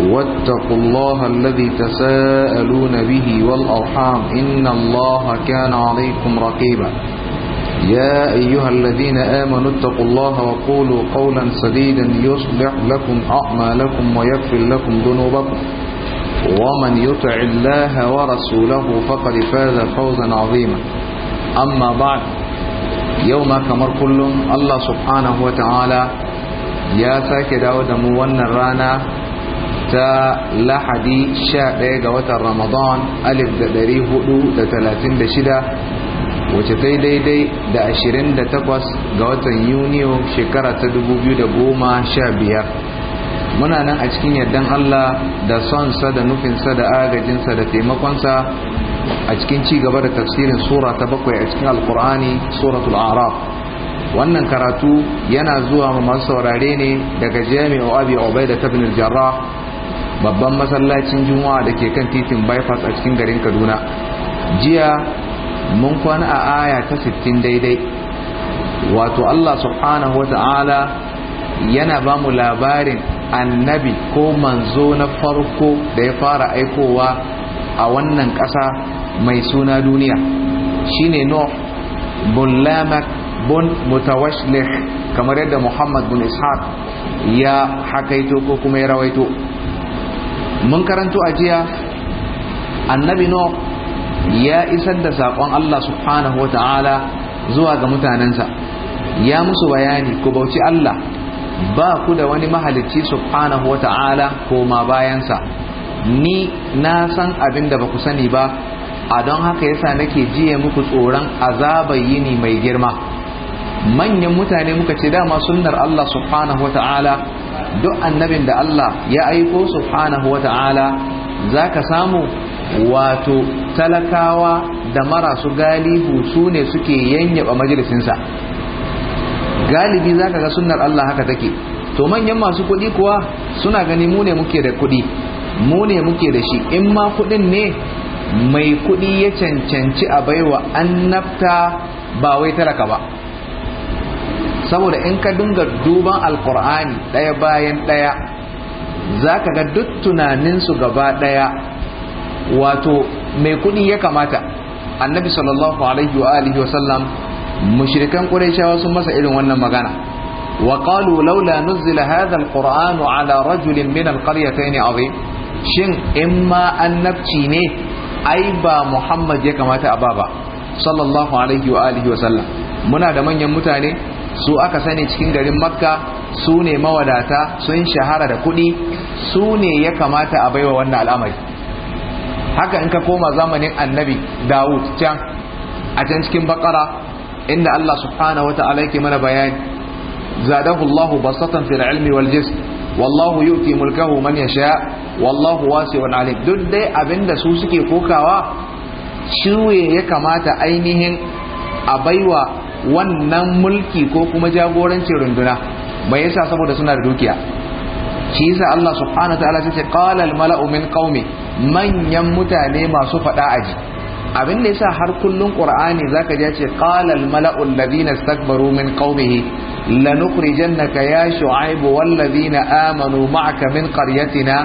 واتقوا الله الذي تساءلون به والأرحام إن الله كان عليكم رقيبا يا أيها الذين آمنوا اتقوا الله وقولوا قولا سديدا يصلح لكم أعمالكم ويغفر لكم ذنوبكم ومن يطع الله ورسوله فقد فاز فوزا عظيما أما بعد يوم كمر كل الله سبحانه وتعالى يا ساكي داود موانا رانا ta lahadi sha ɗaya ga watan ramadan shida wace ta yi daidai da da ashirin takwas ga watan yuniyo shekara ta dubu biyu da goma sha biyar. muna nan a cikin yardan allah da sonsa da nufinsa da agajinsa da taimakonsa a cikin ci gaba da tafsirin sura ta bakwai a cikin alkur'ani suratul araf wannan karatu yana zuwa ma masu saurare ne daga jami'u abi ubaida ta bin jarrah babban masallacin juma'a da ke kan titin bypass a cikin garin kaduna jiya mun kwana a aya ta 60 daidai wato allah subhanahu wa ta'ala yana ba mu labarin annabi ko manzo na farko da ya fara aikowa a wannan ƙasa mai suna duniya shine ne bun lamak bun mutawashlik kamar yadda muhammad bin ishaq ya hakaito ko kuma ya rawaito mun karanto a jiya annabi no ya isar da saƙon Allah subhanahu wa ta'ala zuwa ga mutanensa ya musu bayani ku bauci Allah ba ku da wani mahalicci subhanahu wa ta'ala ko ma bayansa ni na san abin da ba ku sani ba a don haka yasa nake jiye muku tsoron azabar yini mai girma manyan mutane muka ce dama sunnar Allah subhanahu wa ta'ala duk annabin da Allah ya aiko subhanahu wata'ala zaka samu wato talakawa da marasu galihu sune suke yanyaba majalisinsa galibi zaka ga sunnar Allah haka take to manyan masu kuɗi kuwa suna gani mu ne muke da kuɗi mu ne muke da shi in ma kuɗin ne mai kuɗi ya cancanci a baiwa annabta ba wai talaka ba saboda in ka dinga duban alkur'ani ɗaya bayan ɗaya za ka ga duk tunaninsu gaba ɗaya wato mai kuɗi ya kamata annabi sallallahu alaihi wa alihi wa sallam mushrikan qurayshawa sun masa irin wannan magana wa qalu laula nuzila hadha alquran ala rajulin min alqaryatayn azim shin in ma annabci ne ai ba muhammad ya kamata a ba sallallahu alaihi wa alihi wa sallam muna da manyan mutane su aka sani cikin garin makka su ne mawadata sun shahara da kuɗi su ne ya kamata a baiwa wannan al'amari haka in ka koma zamanin annabi dawud can a can cikin bakara inda allah subhanahu wa ta'ala yake mana bayani zadahu allahu basatan fil ilmi wal jism wallahu yuti mulkahu man yasha wallahu wasi'un alim duk dai abinda su suke kokawa shi ya kamata ainihin a baiwa wannan mulki ko kuma jagorancin runduna mai yasa saboda suna da dukiya shi yasa Allah subhanahu ta'ala sai ce qala al mala'u min qaumi manyan mutane masu fada aji abin da yasa har kullun qur'ani zaka ji ce qala al mala'u alladhina istakbaru min qaumihi lanukhrijannaka ya shu'aib wal ladhina amanu ma'aka min qaryatina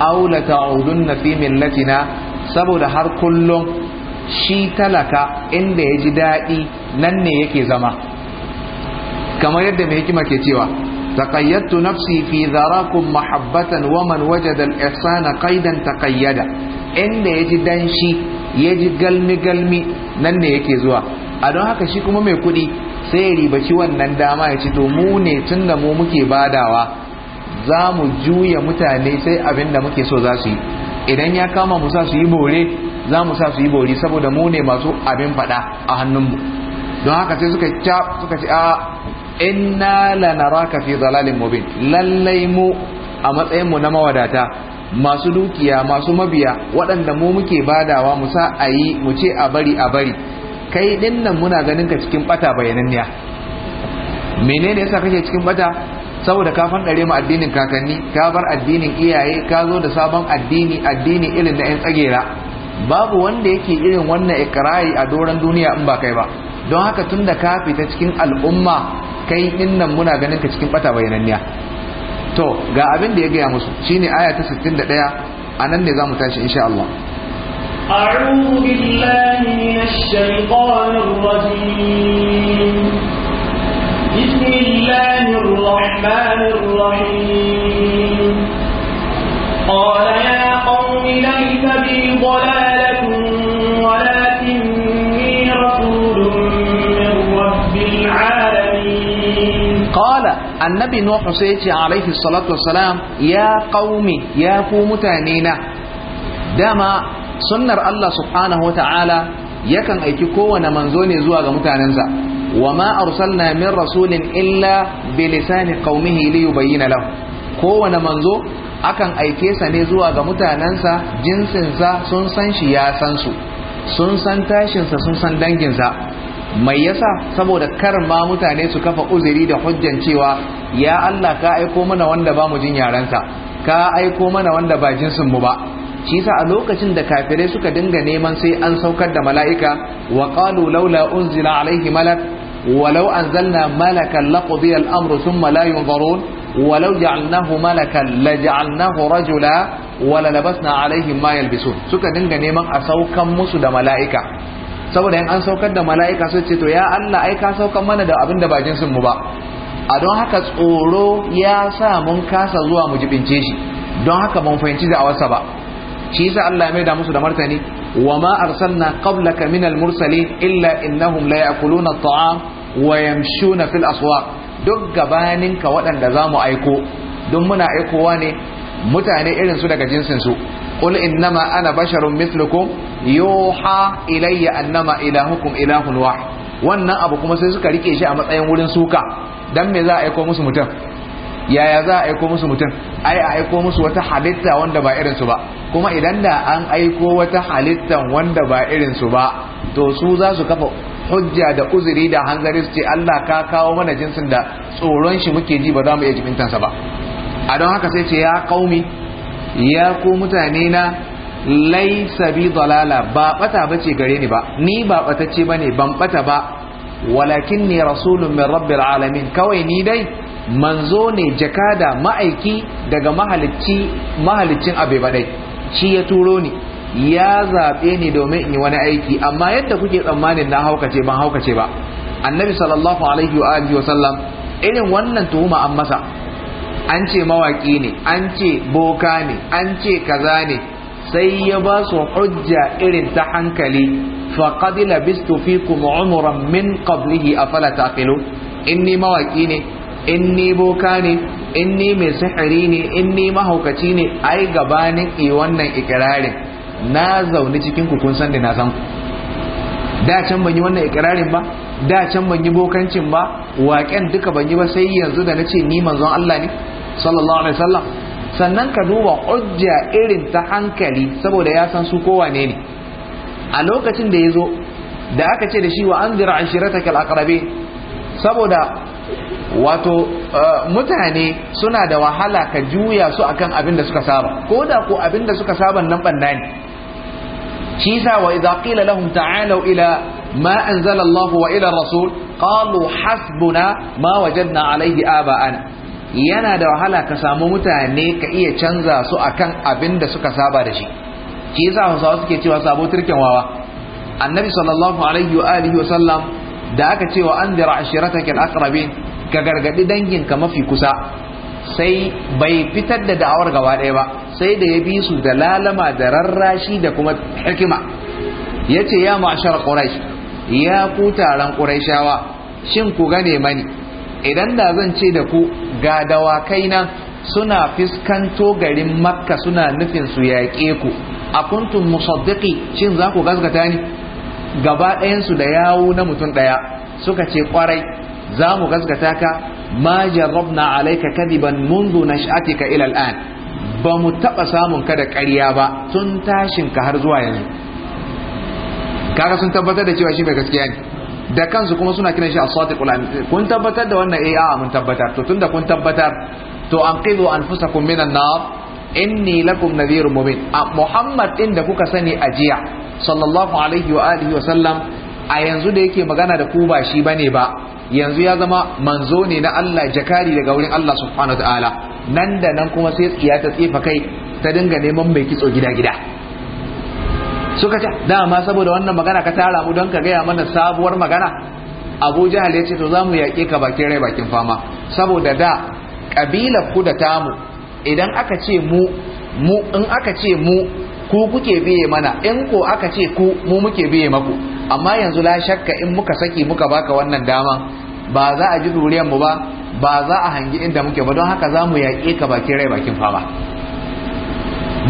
aw la ta'udunna fi millatina saboda har kullun shi talaka inda ya ji daɗi nan ne yake zama kamar yadda mai hikima ke cewa taqayyadtu nafsi fi kun mahabbatan wa man wajada al-ihsana qaidan taqayyada inda yaji danshi yaji galmi galmi nan ne yake zuwa a don haka shi kuma mai kudi sai ya ci wannan dama ya ci to mu ne da mu muke badawa za mu juya mutane sai abin da muke so za su yi idan ya kama mu sa su yi bore za mu sa su yi bori saboda mu ne masu abin faɗa a hannunmu don haka sai suka ca suka ce a inna naraka fi dalalin mubin lallai mu a matsayinmu na mawadata masu dukiya masu mabiya waɗanda mu muke badawa mu sa a yi mu ce a bari a bari kai din nan muna ganin ka cikin bata bayananniya menene yasa kake cikin bata saboda ka fandare mu addinin kakanni ka bar addinin iyaye ka zo da sabon addini addini irin na yan tsagera babu wanda yake irin wannan ikirari a doron duniya in ba kai ba don haka tun da ka fita cikin al'umma kai nan muna ganin ka cikin bata bayananniya to ga abin da ya gaya musu shine aya ta 61 anan ne zamu tashi insha Allah أعوذ قال يا في ضلالة ولكني رسول من رب العالمين قال النبي نوح سيتي عليه الصلاة والسلام sunnar Allah subhanahu wa ta'ala yakan aiki kowane manzo ne zuwa ga mutanensa wa ma arsalna min rasulin illa bi lisani qaumihi li yubayyana lahu kowane manzo akan aike sa ne zuwa ga mutanensa jinsinsa sun san shi ya san su sun san tashinsa sun san danginsa mai yasa saboda kar ma mutane su kafa uzuri da hujjan cewa ya Allah ka aiko mana wanda ba mu jin yarensa ka aiko mana wanda ba jinsin mu ba shi sa a lokacin da kafirai suka dinga neman sai an saukar da mala'ika wa qalu laula unzila alaihi malak walau anzalna malakan laqdi al-amru thumma la yunzarun walau ja'alnahu malakan la ja'alnahu rajula wala labasna alaihim ma suka dinga neman a saukan musu da mala'ika saboda in an saukar da mala'ika su ce to ya Allah ai ka saukan mana da abin da ba jinsin mu ba a don haka tsoro ya sa mun kasa zuwa mu jibince shi don haka mu fahimci da awarsa ba shi yasa Allah ya maida musu da martani wa ma arsalna qablaka minal mursalin illa innahum la ya'kuluna at-ta'am wa yamshuna fil aswaq duk gabaninka waɗanda za mu aiko don muna aikowa ne mutane irinsu daga jinsinsu قل إنما ana basharun مثلكم ilayya annama ilahukum ilahun wannan abu kuma sai suka rike shi a matsayin wurin suka dan me za a aiko musu mutum yaya za a aiko musu mutum ai a aiko musu wata halitta wanda ba irinsu ba kuma idan da an aiko wata halittan wanda ba irinsu ba to su za su kafa hujja da uzuri da hanzari su ce Allah ka kawo mana jinsin da tsoron shi muke ji ba za mu iya sa ba a don haka sai ce ya kaumi ya ku mutane na laisabizalala sabi dalala ba bata bace gare ni ba ni ba ba ne ban bata ba walakin ni rasulun min rabbil alamin kawai ni dai manzo ne jakada ma'aiki daga mahalicci mahaliccin ba dai shi ya turo ni ya zaɓe ni domin in yi wani aiki amma yadda kuke tsammanin na haukace ban haukace ba annabi sallallahu alaihi wa alihi wa sallam irin wannan tuhuma an masa an ce mawaki ne an ce boka ne an ce kaza ne sai ya ba su hujja irin ta hankali fa qad labistu fikum umran min qablihi afala taqilun inni mawaki ne inni boka ne inni mai sihiri ne inni mahaukaci ne ai gabanin i wannan ikirarin na zaune cikin ku kun san da na san da can ban yi wannan ikirarin ba da can ban yi bokancin ba waken duka ban yi ba sai yanzu da nace ni manzon Allah ne sallallahu alaihi wasallam sannan ka duba hujja irin ta hankali saboda ya san su kowane ne a lokacin da ya zo da aka ce da shi wa anzir ashiratakal aqrabi saboda wato eh, mutane suna da wahala ka juya su akan abin da suka saba ko da ko abin da suka saba nan banna ne shi wa idza qila lahum ta'alu ila ma anzala Allah wa ila rasul qalu hasbuna ma wajadna alaihi aba'ana yana da wahala ka samu mutane ka iya canza su akan abin da suka saba da shi shi yasa Hausawa suke cewa sabo turken wawa annabi sallallahu alaihi wa alihi wa sallam da aka ce wa anzira ashirataka alaqrabin ka gargadi danginka mafi kusa sai bai fitar da da'awar gaba ɗaya ba sai da ya bi su da lalama da rarrashi da kuma hikima ya ce ya ma'ashar ƙuraish ya ku taron ƙuraishawa shin ku gane mani idan da zan ce da ku ga dawakai nan suna fiskanto garin makka suna nufin su yaƙe ku a kuntun musaddiki shin za ku gaskata ni gaba ɗayansu da yawo na mutum ɗaya suka ce ƙwarai za mu gaskata ka ma na alaika kadiban mundu nash'atika ila al'an ba mu taɓa samun ka da ƙarya ba tun tashin ka har zuwa yanzu kaga sun tabbatar da cewa shi mai gaskiya ne da kansu kuma suna kiran shi as-sadiq kun tabbatar da wannan eh a'a mun tabbatar to tunda kun tabbatar to anqidhu anfusakum minan nar inni lakum nadhirun mubin muhammad din da kuka sani a jiya sallallahu alaihi wa alihi wa sallam a yanzu da yake magana da ku ba shi bane ba yanzu ya zama manzo ne na Allah jakari daga wurin Allah subhanahu wa ta'ala nan da nan kuma sai tsiya ta tsefa kai ta dinga neman mai kitso gida gida suka ce dama saboda wannan magana ka tara mu don ka gaya mana sabuwar magana abu jahal ya ce to zamu mu yaƙe ka bakin rai bakin fama saboda da ƙabilar ku da tamu idan aka ce mu mu in aka ce mu ku kuke biye mana in ko aka ce ku mu muke biye maku amma yanzu la shakka in muka saki muka baka wannan dama ba za a ji duriyar mu ba ba za a hangi inda muke ba don haka za mu yaƙe ka bakin rai bakin fama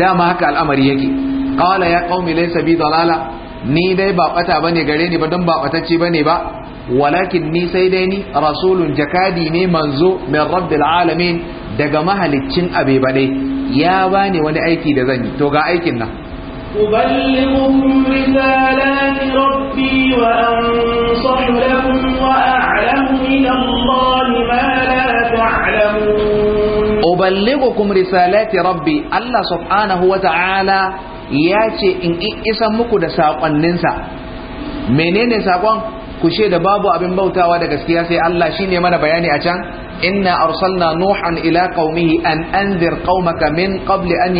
dama haka al'amari yake qala ya qaumi laysa bi dalala ni dai ba bata ne gare ni ba don ba ba ne ba walakin ni sai dai ni rasulun jakadi ne manzo min rabbil alamin daga mahaliccin abe dai. ya bani wani aiki da zan yi to ga aikin nan أبلغكم رسالات ربي وأنصح لكم وأعلم الله ما لا تعلمون أبلغكم رسالات ربي الله سبحانه وتعالى yace in isan muku da saƙonninsa menene saƙon ku da babu abin bautawa da gaskiya sai Allah shine mana bayani a can inna arsalna nuhan ila qaumihi an anzir qaumaka min qabli an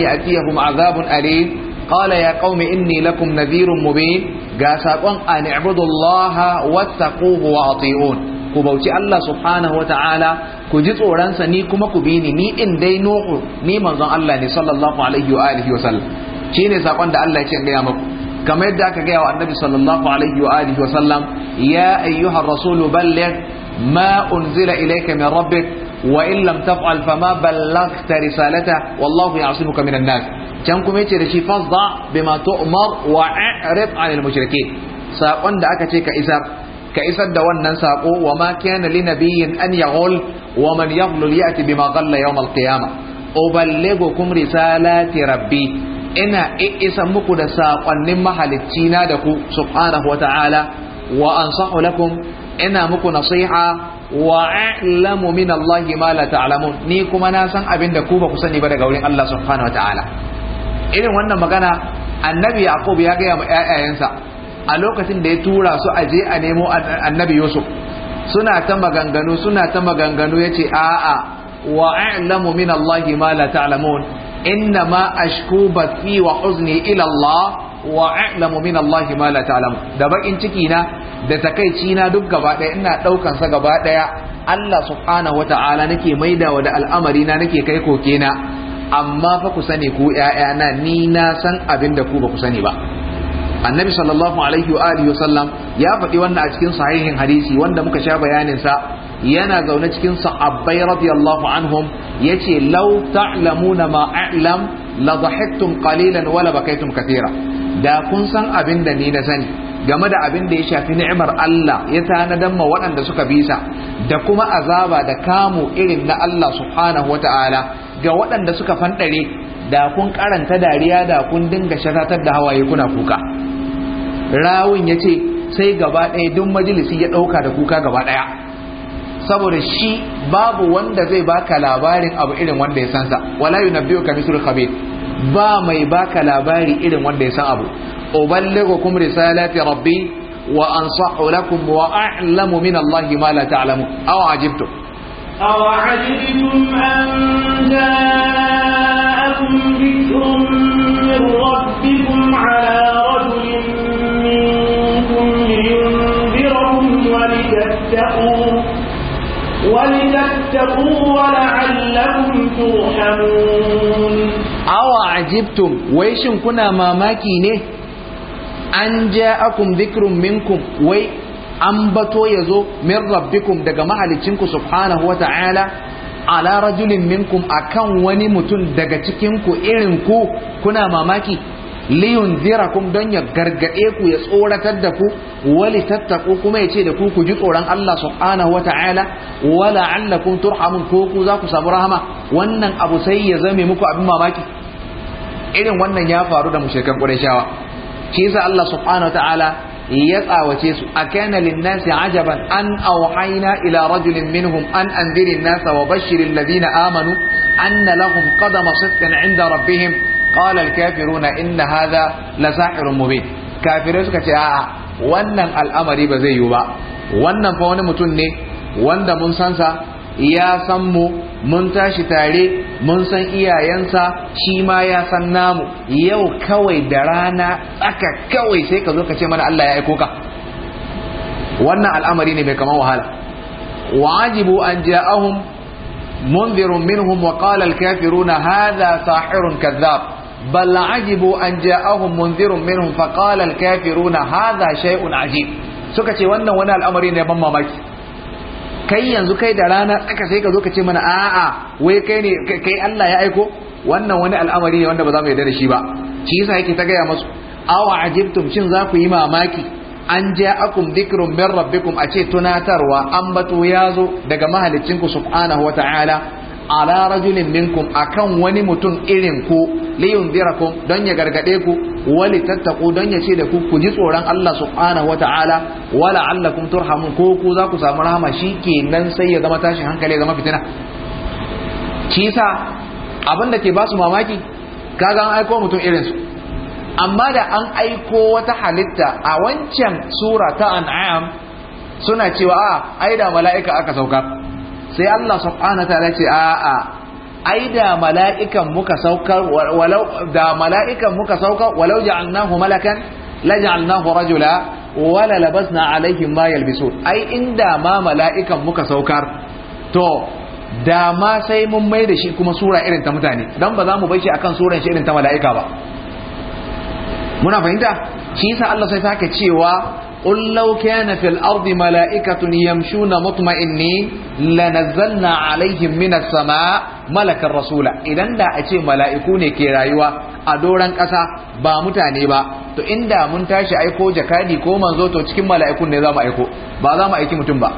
azabun alim قال يا قوم إني لكم نذير مبين قاسقون أن اعبدوا الله واتقوه وأطيعون ku bauci Allah subhanahu ta'ala ku ji tsoronsa ni kuma ku bi ni ni in dai nuhu ni manzon Allah ne sallallahu alaihi wa alihi wa sallam shine sakon da Allah ya ce gaya muku kamar yadda aka gaya wa annabi sallallahu alaihi wa alihi wa sallam ya ayyuhar rasulu balligh ma unzila ilayka min rabbik wa in lam taf'al fama ballaghta risalata wallahu ya'simuka minan nas can kuma yace da shi fasda bima tu'mar wa a'rid 'anil mushrikeen sakon da aka ce ka isar ka isar da wannan sako wa ma kana li nabiyyin an yaghul wa man yaghlul ya'ti bima ghalla yawm al-qiyamah uballighukum risalati rabbi ina isa muku da sakonnin mahalicci na da ku subhanahu wata'ala wa ansahu lakum ina muku nasiha wa a'lamu min Allah ma la ta'lamun ni kuma na san abin da ku ba ku sani ba daga wurin Allah subhanahu wata'ala irin wannan magana annabi yaqub ya ga ya ƴaƴayensa a lokacin da ya tura su a je a nemo annabi yusuf suna ta maganganu suna ta maganganu ya ce a'a wa a'lamu min allahi ma la ta'lamun inna ma ashku baki wa huzni ila allah wa a'lamu min allahi ma la ta'lamun da bakin ciki na da takaici na duk gaba daya ina daukan sa gaba daya Allah subhanahu ta'ala nake wa da al'amari na nake kai koke na amma fa ku sani ku na ni na san abin da ku ba ku sani ba annabi sallallahu alaihi wa alihi wasallam ya faɗi wannan a cikin sahihin hadisi wanda muka sha bayanin sa yana zaune cikin sahabbai radiyallahu anhum yace law ta'lamuna ma a'lam la kalilan qalilan wa la bakaytum katira da kun san abin da ni na sani game da abin da ya shafi ni'imar Allah ya tanadan ma waɗanda suka bisa da kuma azaba da kamu irin na Allah subhanahu wata'ala ga waɗanda suka fandare da kun karanta dariya da kun dinga shatatar da hawaye kuna kuka rawun ya ce sai gaba ɗaya duk majalisi ya ɗauka da kuka gaba ɗaya saboda shi babu wanda zai baka labarin abu irin wanda ya sansa wala yunabbi'u ka mislu kabe. ba mai baka labari irin wanda ya san abu kum risalati rabbi wa ansahu lakum wa a'lamu min allahi ma la ta'lamu aw ajibtum aw ajibtum an جاءكم ذكر من ربكم على رجل منكم لينذرهم ولتتقوا ولتتقوا ولعلكم ترحمون أو عجبتم ويشن كنا ya zo min rabbikum daga mahalicinku subhanahu wa ta'ala ala rajulin minkum akan wani mutum daga cikin ku irin ku kuna mamaki liyun zira kum don ya gargaɗe ku ya tsoratar da ku wali tattaku kuma ya ce da ku ku ji tsoron Allah subhanahu wa ta'ala wala allakum turhamun ko ku za ku samu rahama wannan abu sai ya zame muku abin mamaki irin wannan ya faru da mushrikan qurayshawa shi yasa Allah subhanahu wa ta'ala ya tsawace su a kana linnasi ajaban an auhaina ila rajulin minhum an anziri nasa wa bashirin ladina amanu anna lahum qadama sidqin inda rabbihim qala alkafiruna inna hadha lasahirun mubin kafirai suka ce a'a wannan al'amari ba zai yiwu ba wannan fa wani mutum ne wanda mun san sa ya san mu mun tashi tare mun san iyayensa shi ma ya san namu yau kawai da rana tsaka kawai sai ka zo ka ce mana Allah ya aiko ka wannan al'amari ne mai kamar wahala wajibu an ja'ahum munzirun minhum wa qala al-kafiruna hadha sahirun kadhab بل عجبوا أن جاءهم منذر منهم فقال الكافرون هذا شيء عجيب suka ce wannan wani al'amari ne ban kai yanzu kai da rana tsaka sai ka zo ka ce mana a'a wai kai ne kai Allah ya aiko wannan wani al'amari ne wanda ba za mu yarda da shi ba shi yasa yake ta gaya masu awa ajibtum shin za ku yi mamaki an ja'akum dhikrun min rabbikum a ce tunatarwa an bato ya zo daga mahaliccinku subhanahu wa ta'ala ala rajulin minkum akan wani mutum irin ku liyun yunzirakum don ya gargade ku wali tattaku don ya ce da ku ku ji tsoron Allah subhanahu wataala wala allakum turhamun ko ku za ku samu rahama shikenan sai ya zama tashin hankali ya zama fitina shi yasa abin da ke basu mamaki kaga an aiko mutum irin su amma da an aiko wata halitta a wancan sura ta an'am suna cewa a ah, ai da mala'ika aka sauka sai Allah subhanahu wa ta'ala ce a'a ai da mala'ikan muka saukar walau da mala'ikan muka saukar walau ja'alnahu malakan la ja'alnahu rajula wala labasna alaihim ma yalbisun ai inda ma mala'ikan muka saukar to da ma sai mun mai da shi kuma sura irin ta mutane don ba za mu bai shi akan suran shi irin ta mala'ika ba muna fahimta shi yasa Allah sai sake cewa قل لو كان في الأرض ملائكة يمشون مطمئنين لنزلنا عليهم من السماء ملك الرسول mala'iku ne ke rayuwa a أدورا كسا ba متاني ba, to inda mun tashi aiko jakadi ko manzo to cikin mala'ikun ne za mu aiko ba za mu aiki mutum ba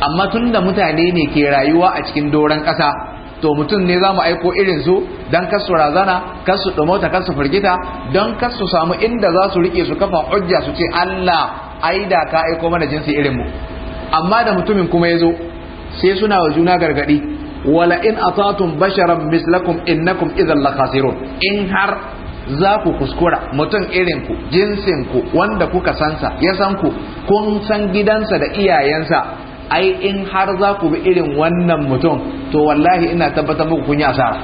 amma tunda mutane ne ke rayuwa a cikin doran ƙasa to mutum ne za mu aiko irin su don kasu razana kasu kar su firgita don kasu samu inda za su riƙe su kafa hujja su ce Allah ai da ka aiko mana jinsi irin mu amma da mutumin kuma yazo sai suna wa juna gargadi wala in atatum basharan mislakum innakum idhan lakhasirun in har za ku kuskura mutum irin ku, jinsin ku, wanda kuka sansa ya san ku kun san gidansa da iyayensa ai in har za ku bi irin wannan mutum to wallahi ina tabbatar muku kun yi asara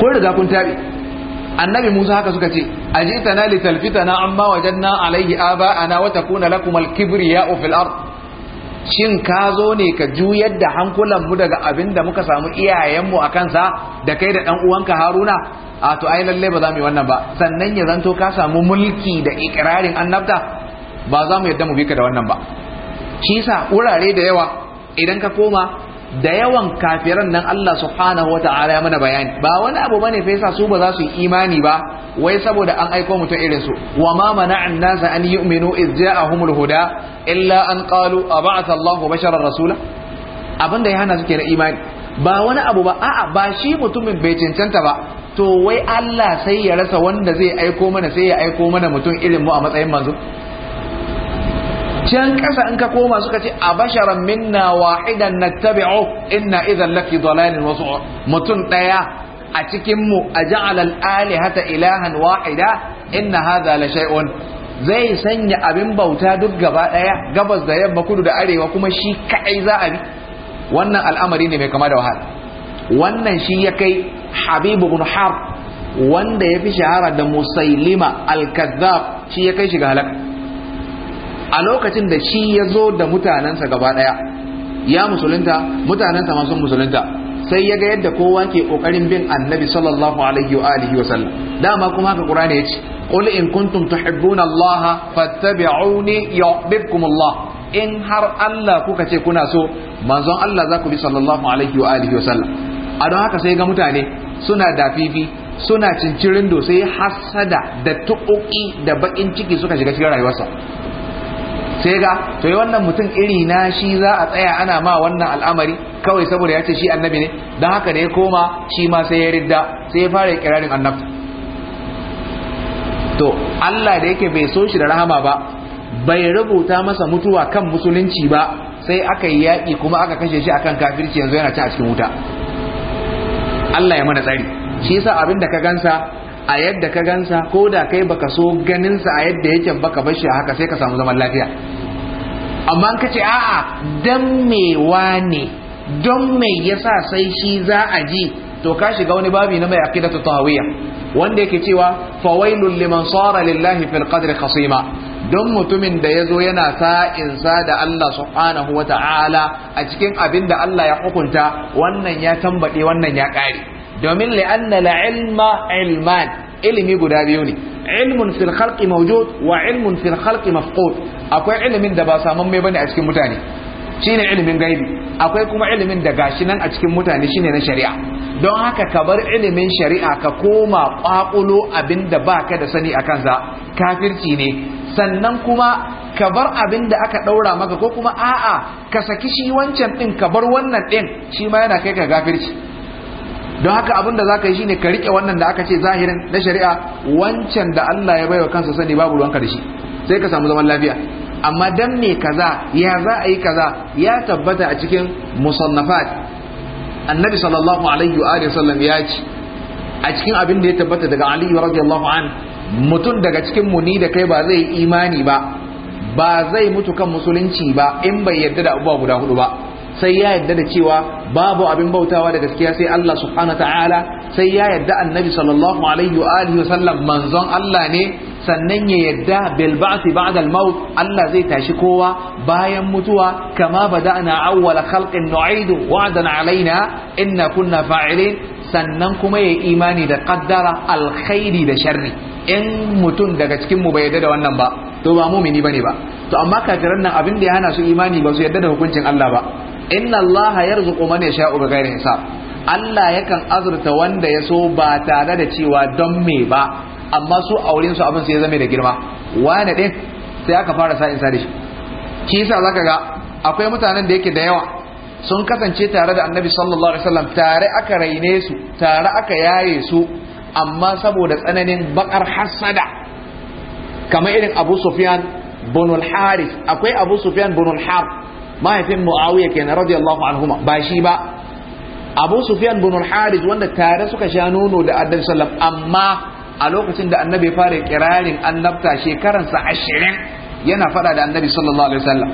kun riga kun tabi annabi Musa haka suka ce ajitana litalfitana amma wajanna alaihi ana wa takuna lakum al-kibriya'u fil ard shin ka zo ne ka juyar da hankulan mu daga abin da muka samu iyayenmu a kansa da kai da dan uwanka Haruna a to ai lalle ba za mu yi wannan ba sannan ya zanto ka samu mulki da ikirarin annabta ba za mu yadda mu bi ka da wannan ba shi sa wurare da yawa idan ka koma da yawan kafiran nan Allah subhanahu wata'ala ya mana bayani ba wani abu bane sai yasa su ba za su yi imani ba wai saboda an aiko mutum irin su wa ma mana'an nasa an yu'minu iz ja'ahumul huda illa an qalu ab'atha Allahu basharan rasula abinda ya hana suke da imani ba wani abu ba a'a ba shi mutumin bai cancanta ba to wai Allah sai ya rasa wanda zai aiko mana sai ya aiko mana mutum irin mu a matsayin manzo can ƙasa in ka koma suka ce a basharan minna wahidan nattabi'u inna idan lafi dalalin wasu mutum ɗaya a cikinmu a ja'alal alihata ilahan wahida inna hadha la shay'un zai sanya abin bauta duk gaba ɗaya. gabas da yamma kudu da arewa kuma shi kai za a bi wannan al'amari ne mai kama da wahala wannan shi ya kai habibu ibn har wanda ya fi shahara da musailima al-kazzab shi ya kai shiga halaka a lokacin da shi ya zo da mutanensa gaba ɗaya ya musulunta mutanensa ma sun musulunta sai ya ga yadda kowa ke kokarin bin annabi sallallahu alaihi wa alihi wa sallam dama kuma haka qur'ani yace qul in kuntum tuhibbuna allaha fattabi'uni yuhibbukum allah in har Allah kuka ce kuna so manzon Allah za ku bi sallallahu alaihi wa alihi wa sallam a don haka sai ga mutane suna dafifi suna cincirindo sai hasada da tuƙuƙi da baƙin ciki suka shiga cikin rayuwarsa sai ga to yi wannan mutum iri na shi za a tsaya ana ma wannan al'amari kawai saboda ya ce shi annabi ne don haka da ya koma shi ma sai ya ridda sai ya fara kirarin annabta to Allah da yake bai so shi da rahama ba bai rubuta masa mutuwa kan musulunci ba sai aka yi yaƙi kuma aka kashe shi akan kafirci yanzu yana ci a cikin wuta Allah ya mana tsari shi yasa abin da ka gansa a yadda ka gansa ko da kai baka so ganinsa a yadda yake baka bashi a haka sai ka samu zaman lafiya amma kace ce a'a don mewa ne don me yasa sai shi za a ji to ka shiga wani babi na mai aqidatu tahawiyya wanda yake cewa fawailul liman sara lillahi fil qadri khasima don mutumin da yazo yana sa da Allah subhanahu wata'ala a cikin abin da Allah ya hukunta wannan ya tambade wannan ya kare domin li'anna la ilma ilman ilimi guda biyu ne ilmun fil khalqi mawjud wa ilmun fil khalqi mafqud akwai ilmin da ba saman mai bane a cikin mutane shine ilimin gaibi akwai kuma ilimin da gashi nan a cikin mutane shine na shari'a don haka ka bar ilimin shari'a ka koma kwakulo abinda baka da sani a kansa kafirci ne sannan kuma ka bar abin da aka daura maka ko kuma a'a ka saki shi wancan din ka bar wannan din shi ma yana kai ka gafirci don haka abin da za ka yi ne ka rike wannan da aka ce zahirin na shari'a wancan da Allah ya baiwa kansa sani babu ruwanka da shi sai ka samu zaman lafiya amma dan me kaza ya za a yi kaza ya tabbata a cikin musannafat annabi sallallahu alaihi wa alihi wasallam ya ci a cikin abin da ya tabbata daga ali radiyallahu an mutum daga cikin mu ni da kai ba zai imani ba ba zai mutu kan musulunci ba in bai yarda da abubuwa guda hudu ba sai ya yarda da cewa babu abin bautawa da gaskiya sai Allah subhanahu ta'ala sai ya yadda annabi sallallahu alaihi wa alihi sallam manzon Allah ne sannan ya yadda bil ba'thi ba'da al maut Allah zai tashi kowa bayan mutuwa kama bada'na awwal khalqin nu'idu wa'dan alaina inna kunna fa'ilin sannan kuma ya imani da qaddara alkhairi da sharri in mutum daga cikin mu bai yadda da wannan ba to ba mumini bane ba to amma kafiran nan abin da ya hana su imani ba su yadda da hukuncin Allah ba inna Allah yarzuqu man yasha'u bighairi hisab Allah yakan azurta wanda ya so ba tare da cewa don me ba amma su auren su abin su ya zame da girma wani din sai aka fara sa insa da shi sa yasa zaka ga akwai mutanen da yake da yawa sun kasance tare da annabi sallallahu tare aka raine su tare aka yaye su amma saboda tsananin bakar hasada kamar irin Abu Sufyan bin al-Harith akwai Abu Sufyan bin al-Harith mahaifin muawiya kenan radiyallahu anhu ba shi ba abu sufyan bin al-harith wanda tare suka sha nono da annabi sallam amma a lokacin da annabi ya fara kirarin annabta sa ashirin yana fada da annabi sallallahu alaihi wasallam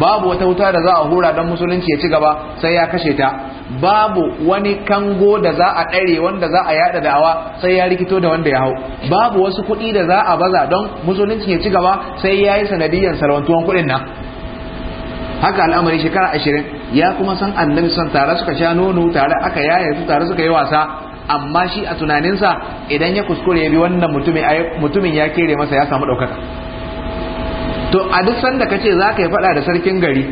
babu wata wuta da za a hura don musulunci ya ci gaba sai ya kashe ta babu wani kango da za a ɗare wanda za a yada awa sai ya rikito da wanda ya hau babu wasu kuɗi da za a baza don musulunci ya ci gaba sai ya yi sanadiyyar sarwantuwan kuɗin nan haka al'amari shekara ashirin ya kuma san annabi san tare suka sha nono tare aka yaya su tare suka yi wasa amma shi a tunaninsa idan ya kuskure ya bi wannan mutumin ya kere masa ya samu ɗaukaka to a duk sanda ka ce za ka yi faɗa da sarkin gari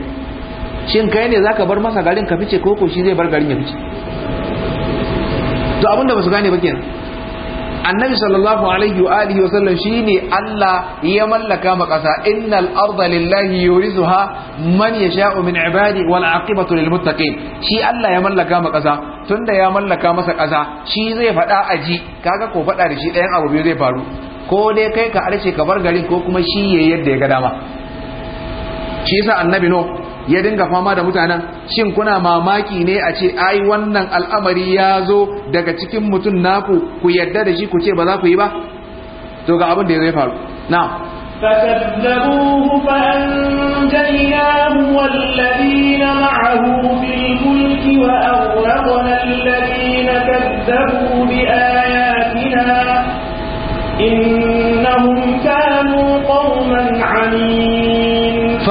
shin kai ne za ka bar masa garin ka fice ko ko shi zai bar garin ya fice to abinda ba su gane ba kenan annabi sallallahu alaihi wa alihi wa sallam shine Allah ya mallaka ma kasa innal arda lillahi yurizuha man yasha'u min ibadi wal aqibatu lil muttaqin shi Allah ya mallaka ma kasa tunda ya mallaka masa kasa shi zai fada aji kaga ko fada da shi ɗayan abu biyu zai faru ko dai kai ka arce ka bar garin ko kuma shi yayi yadda ya ga dama shi yasa annabi no ya dinga fama da mutanen shin kuna mamaki ne a ce ai wannan al'amari ya zo daga cikin mutum naku ku yarda da shi ku ce ba za ku yi ba to ga abin da ya zai faru na فكذبوه فأنجيناه والذين معه في الملك وأغرقنا الذين كذبوا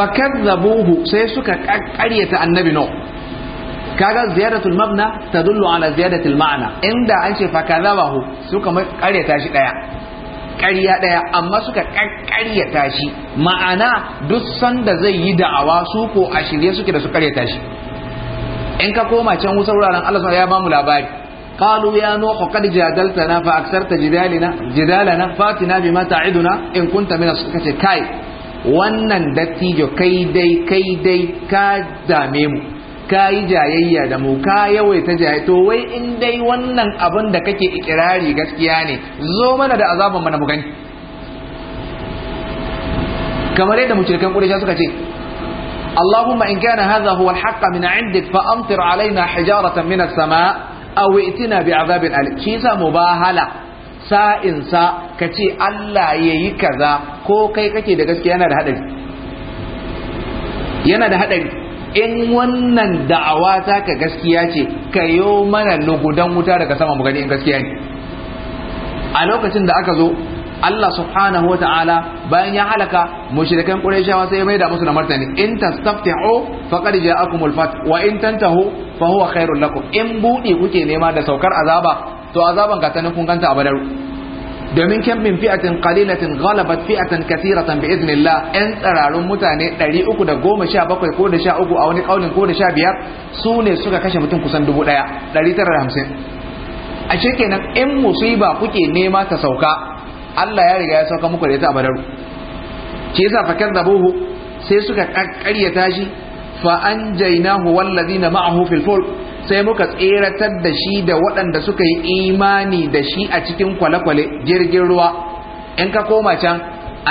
fakazzabuhu sai suka ƙaryata annabi no kaga ziyadatul mabna tadullu ala ziyadatul ma'ana inda an ce fakazzabahu suka ƙaryata tashi daya ƙarya daya amma suka ƙaryata shi ma'ana duk sanda zai yi da'awa su ko a shirye suke da su karya shi in ka koma can wutar wuraren Allah ya bamu labari قالوا يا نوح قد جادلتنا فأكثرت جدالنا جدالنا فاتنا بما تعدنا إن كنت من الصدقة كاي wannan dattijo kai dai kai dai ka dame mu ka yi jayayya da mu ka yawaita jayayya to wai in dai wannan abin da kake ikirari gaskiya ne zo mana da azaban mana mu kamar yadda mushrikan quraisha suka ce اللهم إن كان هذا هو الحق من عندك فأمطر علينا حجارة من السماء أو ائتنا بعذاب أليم شيء مباهلة sa'insa ka ce Allah ya yi kaza ko kai kake da gaskiya yana da haɗari yana da haɗari in wannan da'awa ta ka gaskiya ce ka yi mana lugudan wuta daga sama mu gani in gaskiya ne a lokacin da aka zo Allah subhanahu ta'ala bayan ya halaka mushrikan Qurayshawa sai ya maida musu da martani in tastaftihu faqad ja'akumul fath wa in tantahu fa huwa khairul lakum in budi kuke nema da saukar azaba to azaban ka ta nan ganta a badaru domin kan min fi'atin qalilatin ghalabat fi'atan kathiratan bi idnillah an tsararun mutane 317 ko da 13 a wani kaulin ko da 15 su ne suka kashe mutum kusan 1000 950 ashe kenan in musiba kuke nema ta sauka Allah ya riga ya sauka muku da ita a badaru ke yasa fa kazzabuhu sai suka kakkaryata shi fa anjaynahu wallazina ma'ahu fil fulk sai muka tseratar da shi da waɗanda suka yi imani da shi a cikin kwale-kwale jirgin ruwa in ka koma can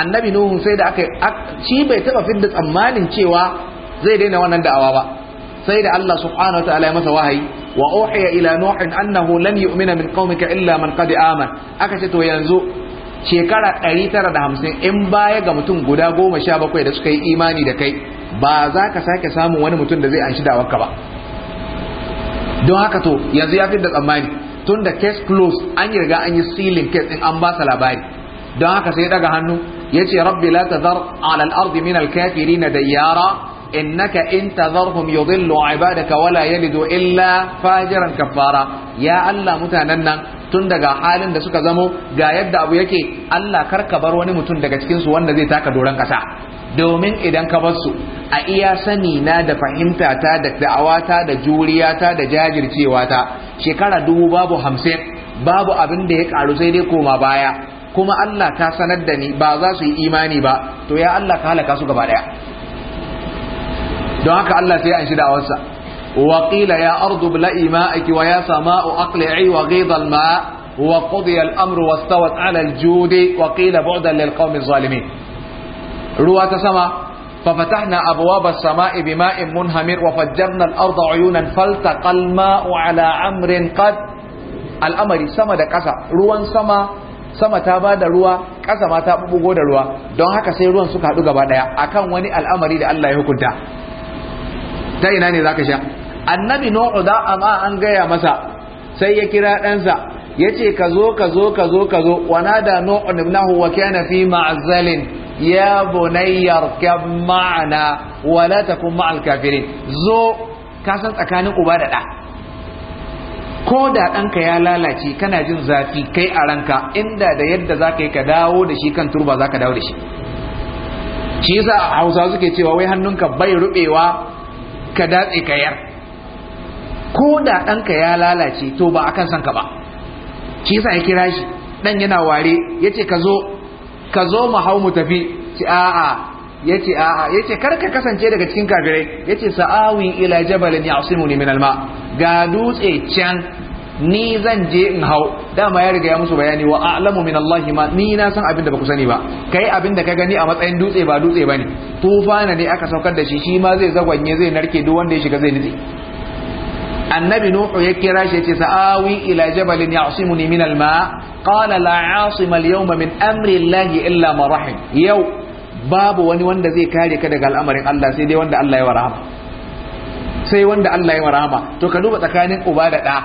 annabi nuhu sai da aka shi bai taɓa fidda tsammanin cewa zai daina wannan da'awa ba sai da Allah subhanahu ta'ala ya masa wahayi wa uhiya ila nuhin annahu lan yu'mina min qaumika illa man qad aman aka ce to yanzu shekara 950 in baya ga mutum guda 17 da suka yi imani da kai ba za ka sake samun wani mutum da zai anshi da'awarka ba don haka to yanzu ya fi da tsammani tun da case close an yi riga an yi sealing case in an ba sa labari don haka sai ya daga hannu ya ce rabbi la ta zar alal ardi min al-kafirin dayyara innaka in tazarhum da ibadaka wala yalidu illa fajiran kafara ya Allah mutanen nan tun daga halin da suka zamo ga yadda abu yake Allah kar ka bar wani mutum daga cikin su wanda zai taka doron kasa domin idan ka basu a iya sani na da fahimta ta da da'awata da juriyata da jajircewa ta shekara dubu babu hamsin babu abin da ya karu sai dai koma baya kuma Allah ta sanar da ni ba za su yi imani ba to ya Allah ka halaka su gaba daya don haka Allah sai an shi da'awarsa wa qila ya ardu bla'i ma'aki wa ya sama'u aqli'i wa ghidha al-ma' wa qudiya al-amru wastawat 'ala al-judi wa qila bu'dan lil qawmi zalimin ruwa ta sama fatahna abwaba samai bima'in munhamir wa fajjarna al uyunan faltaqal ma'u ala amrin qad sama da ruwan sama sama ta ba da ruwa ƙasa ma ta bugo da ruwa don haka sai ruwan suka haɗu gaba ɗaya akan wani al'amari da Allah ya hukunta ta ina ne zaka sha annabi nuhu da amma an gaya masa sai ya kira ɗansa yace ka zo ka zo ka zo ka zo wana da Nuhu, ibnahu wa kana fi ma'zalin ya bunayyar kab ma'ana wala kuma alkafirin zo ka san tsakanin uba da ɗa ko da ɗanka ya lalace kana jin zafi kai a ranka inda da yadda za ka yi ka dawo da shi kan turba za ka dawo da shi shi yasa a hausa suke cewa wai hannunka bai ruɓewa ka datse ka yar ko da ɗanka ya lalace to ba a san ka ba shi yasa ya kira shi ɗan yana ware ya ce ka zo ka zo mu hau mu tafi ci a'a yace a'a yace kar ka kasance daga cikin kafirai yace sa'awi ila jabalin ya'simuni min alma ga dutse can ni zan je in hau dama ya riga ya musu bayani wa a'lamu min Allah ma ni na san abin da baku sani ba kai abin da ka gani a matsayin dutse ba dutse bane tufana ne aka saukar da shi shi ma zai zagwanye zai narke duk wanda ya shiga zai nitse annabi nuhu ya kira shi yace sa'awi ila jabalin ya'simuni min alma qala la 'asima al-yawma min amri llahi illa ma rahim yau babu wani wanda zai kare ka daga al'amarin Allah sai dai wanda Allah ya warhama sai wanda Allah ya warhama to ka duba tsakanin uba da da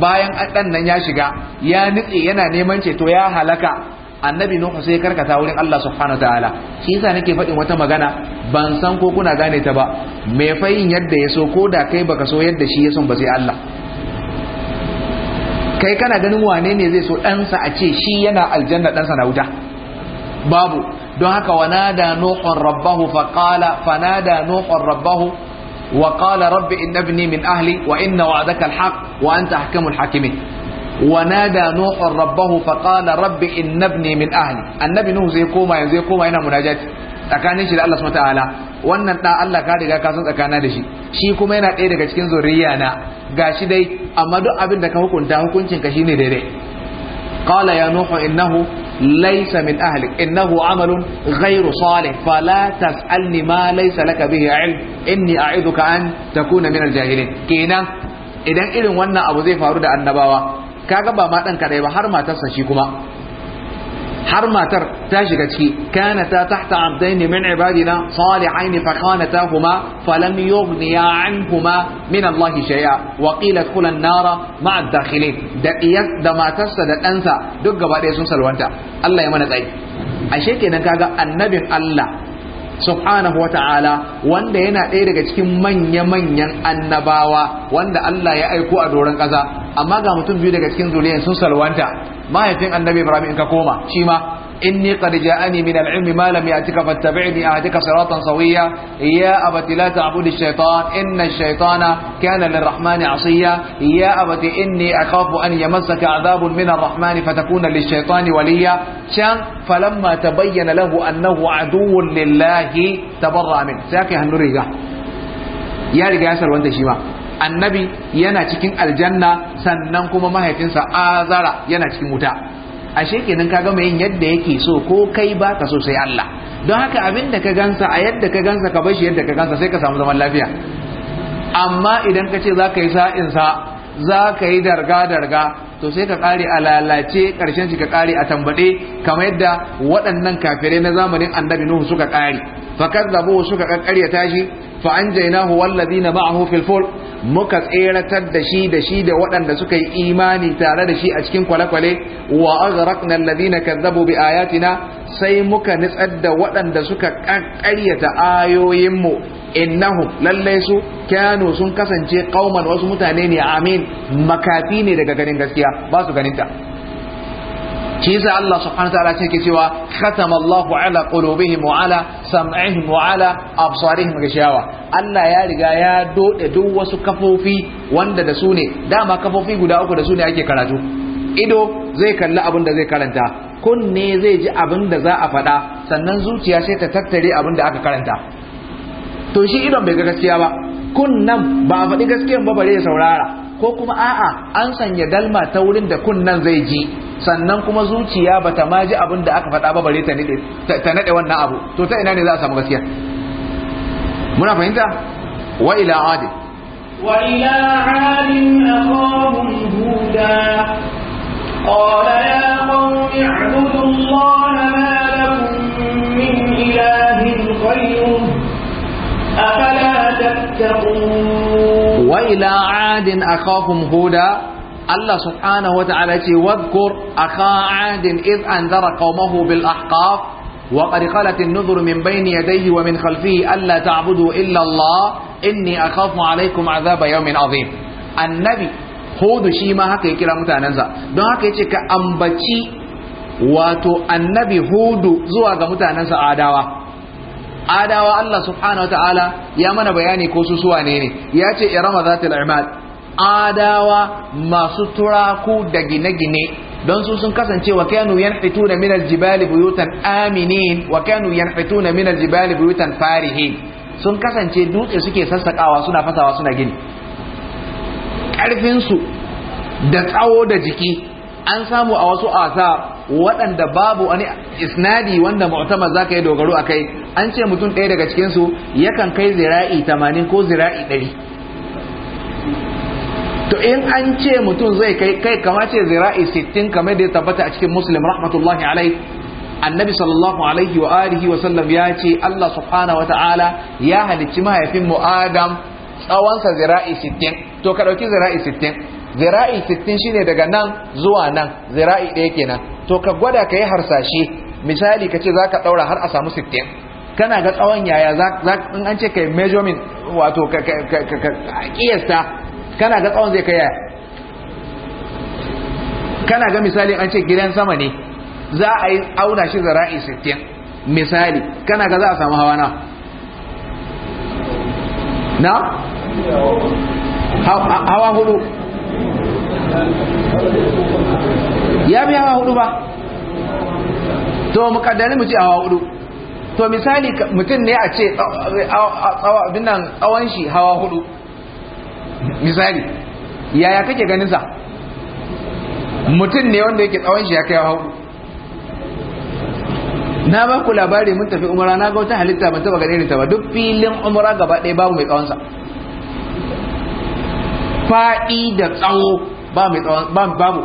bayan ɗan nan ya shiga ya nitse yana neman ceto ya halaka annabi nuhu sai karkata wurin Allah subhanahu ta'ala shi yasa nake faɗin wata magana ban san ko kuna gane ta ba me fayin yadda ya so ko da kai baka so yadda shi ya son ba sai Allah kai kana ganin wane ne zai so ɗansa a ce shi yana aljanna ɗansa na wuta babu don haka wanada nuhun rabbahu faqala fanada nuhun rabbahu وقال رب إن ابني wa أهلي وإن وعدك wa anta أحكم hakimin. ونادى نوح ربه فقال رب إن ابني من أهلي النبي نوح زي كوما يزي كوما هنا مناجاتي tsakanin shi da Allah subhanahu wataala wannan da Allah ka riga ka san tsakana da shi shi kuma yana ɗaya daga cikin zuriya na Ga shi dai amma duk abin da ka hukunta hukuncin ka ne daidai qala ya nuhu innahu laysa min ahli innahu amalun ghayru salih fala tasalni ma laysa laka bihi ilm inni a'iduka an takuna min jahilin kenan idan irin wannan abu zai faru da annabawa kaga ba ma dan kadai ba har matarsa shi kuma har matar ta shiga ciki kana ta tahta abdaini min ibadina salihaini fa fa falam yughniya anhuma min Allah shay'a wa qila dkhula an-nara ma'a ad-dakhilin da iyas da matarsa da ɗansa duk gaba ɗaya sun salwanta Allah ya mana tsayi ashe kenan kaga annabin Allah subhanahu wa ta'ala wanda yana ɗaya daga cikin manya-manyan annabawa wanda Allah ya aiko a doron ƙasa amma ga mutum biyu daga cikin zuriyar sun salwanta mahaifin annabi Ibrahim in ka koma shi ma إني قد جاءني من العلم ما لم يأتك فاتبعني أهدك صراطا سويا يا أبت لا تعبد الشيطان إن الشيطان كان للرحمن عصيا يا أبت إني أخاف أن يمسك عذاب من الرحمن فتكون للشيطان وليا شان فلما تبين له أنه عدو لله تبرأ منه ساكي هنريجا يا رجال يسأل وانت شيما annabi yana cikin aljanna sannan kuma mahaifinsa azara yana cikin wuta ashe kenan ka gama yin yadda yake so ko kai ba ka so sai Allah don haka abin da ka gansa a yadda ka gansa ka bashi yadda ka gansa sai ka samu zaman lafiya amma idan ka ce za ka yi sa'in sa za ka yi darga darga to sai ka kare a lalace karshen shi ka kare a tambade kamar yadda waɗannan kafirai na zamanin annabi nuhu suka kare fa kazzabu suka kakkarya tashi fa anjaynahu wallazina ma'ahu fil fulk muka tseratar da shi da shi da waɗanda suka yi imani tare da shi a cikin kwale-kwale wa na alladhina kazzabu bi ayatina sai muka nitsar da waɗanda suka ƙaryata ayoyin mu innahu lalle su kyano sun kasance qauman wasu mutane ne amin makafi ne daga ganin gaskiya ba su ganin ta shi Allah subhanahu wa ta'ala sai ke cewa khatama Allahu ala qulubihim wa ala sam'ihim wa ala absarihim gashawa Allah ya riga ya dode duk wasu kafofi wanda da su ne dama kafofi guda uku da su ne ake karatu ido zai kalli abin da zai karanta kunne zai ji abin da za a faɗa sannan zuciya sai ta tattare abin da aka karanta to shi idon bai ga gaskiya ba kunnan ba a faɗi gaskiyan ba bare ya saurara ko kuma a'a an sanya dalma ta wurin da kunnan zai ji sannan kuma zuciya bata ma ji abin da aka faɗa ba bare ta naɗe wannan abu to ta ina ne za a samu gaskiya muna fahimta wa ila adi wa ila adin huda ya qawmi i'budu allaha ma min ilahin wa ila adin huda Allah subhanahu wa ta'ala ce wadhkur akha adin iz anzara qaumahu bil ahqaf وقد خلت min من بين يديه ومن wa ألا تعبدوا إلا الله إني أخاف عليكم عذاب يوم عظيم Annabi hudu shi ma haka ya kira mutanansa. don haka ya ce ka ambaci wato annabi hudu zuwa ga mutanensa adawa adawa Allah subhanahu ta'ala ya mana bayani ko su suwa ne ne ya ce irama zatul imad adawa masu turaku da gine-gine don su sun kasance wa kanu na minar Jibali, buyutan aminin wa kanu na minar Jibali, buyutan farihin sun kasance dutse suke sassakawa suna fasawa suna gini ƙarfinsu da tsawo da jiki an samu a wasu asa waɗanda babu wani isnadi wanda mu'tamar za ka yi dogaro a kai an ce mutum ɗaya daga cikinsu yakan kai zira'i tamanin ko zira'i ɗari to in an ce mutum zai kai kai kama ce zira'i sittin kamar da ya tabbata a cikin muslim rahmatullahi alai annabi sallallahu alaihi wa alihi wa sallam ya ce Allah subhanahu wa ta'ala ya halicci mahaifin mu Adam tsawonsa zira'i 60 to ka dauki zira'i 60 zira'i 60 shine daga nan zuwa nan zira'i ɗaya kenan to ka gwada ka yi harsashe misali ka ce za ka ɗaura har a samu sittin. kana ga tsawon yaya in an ce kai measurement wato ka kiyasta kana ga tsawon zai kaya kana ga misali an ce gidan sama ne za a yi auna shi zara'i 60 misali kana ga za a samu hawa na na hawa hudu ya bi hawa hudu ba to mukaddari mu ce hawa hudu to misali mutum ne a ce tsawon shi hawa hudu misali yaya kake ganin sa mutum ne wanda yake tsawon shi ya kai hau na ba ku labari mun tafi umara na ga wata halitta ban taba ganin ta ba duk filin umara gaba ɗaya babu mai tsawon sa faɗi da tsawo ba mai tsawon babu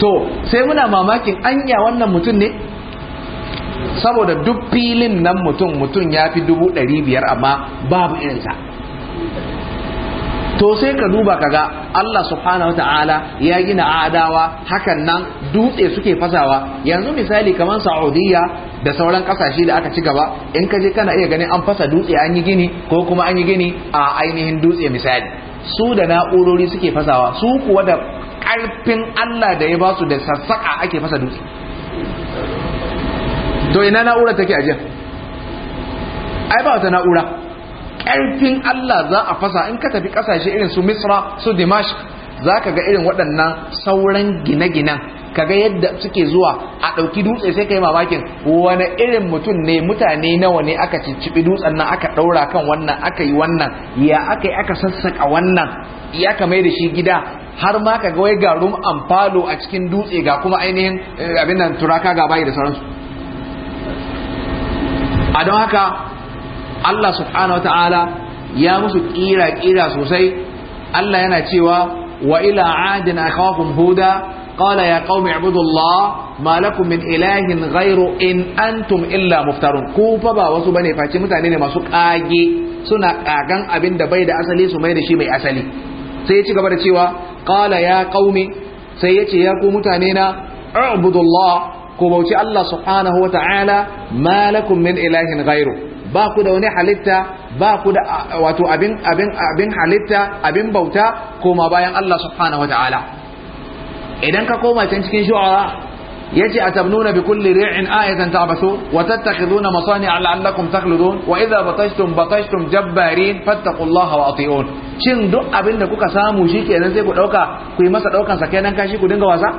to sai muna mamakin anya wannan mutum ne saboda duk filin nan mutum mutum ya fi dubu ɗari biyar amma babu irinsa to sai ka duba kaga Allah subhanahu wataala ya gina adawa hakan nan dutse suke fasawa yanzu misali kamar Saudiya da sauran kasashe da aka ci gaba in ka je kana iya ganin an fasa dutse an yi gini ko kuma an yi gini a ainihin dutse misali su da na'urori suke fasawa su kuwa da karfin Allah da ya ba su da sassaka ake fasa dutse to ina na'ura take ajiya ai ba wata na'ura ƙarfin Allah za a fasa in ka tafi kasashe irin su Misra su Dimash za ka ga irin waɗannan sauran gine-ginen ka ga yadda suke zuwa a ɗauki dutse sai ka yi mamakin wani irin mutum ne mutane nawa ne aka cicciɓi dutsen nan aka ɗaura kan wannan aka yi wannan ya aka yi aka sassaƙa wannan ya ka mai da shi gida har ma ka ga wai ga rum amfalo a cikin dutse ga kuma ainihin eh, abin turaka ga bayi da sauransu a don haka Allah subhanahu wata'ala ya musu kira kira sosai Allah yana cewa wa ila adin akhahum huda qala ya qaumi اعبدوا ma ما لكم من in غيره illa انتم الا ku fa ba wasu bane face mutane ne masu kage suna kagan abin da bai da asali su mai da shi mai asali sai ya ci gaba da cewa qala ya qaumi sai ya ce ya ku mutane na i'budu Allah ku bauci Allah subhanahu wa ta'ala ma lakum min ilahin ghayru ba ku da wani halitta ba ku da wato abin abin abin halitta abin bauta koma bayan Allah subhanahu wataala idan ka koma can cikin shu'ara yace atabnuna bi kulli ri'in ayatan ta'basu wa tattakhiduna masani'a la'allakum takhludun wa idza batashtum batashtum jabbarin fattaqullaha wa ati'un shin duk abin da kuka samu shikenan sai ku dauka ku yi masa daukan sa kenan kashi ku dinga wasa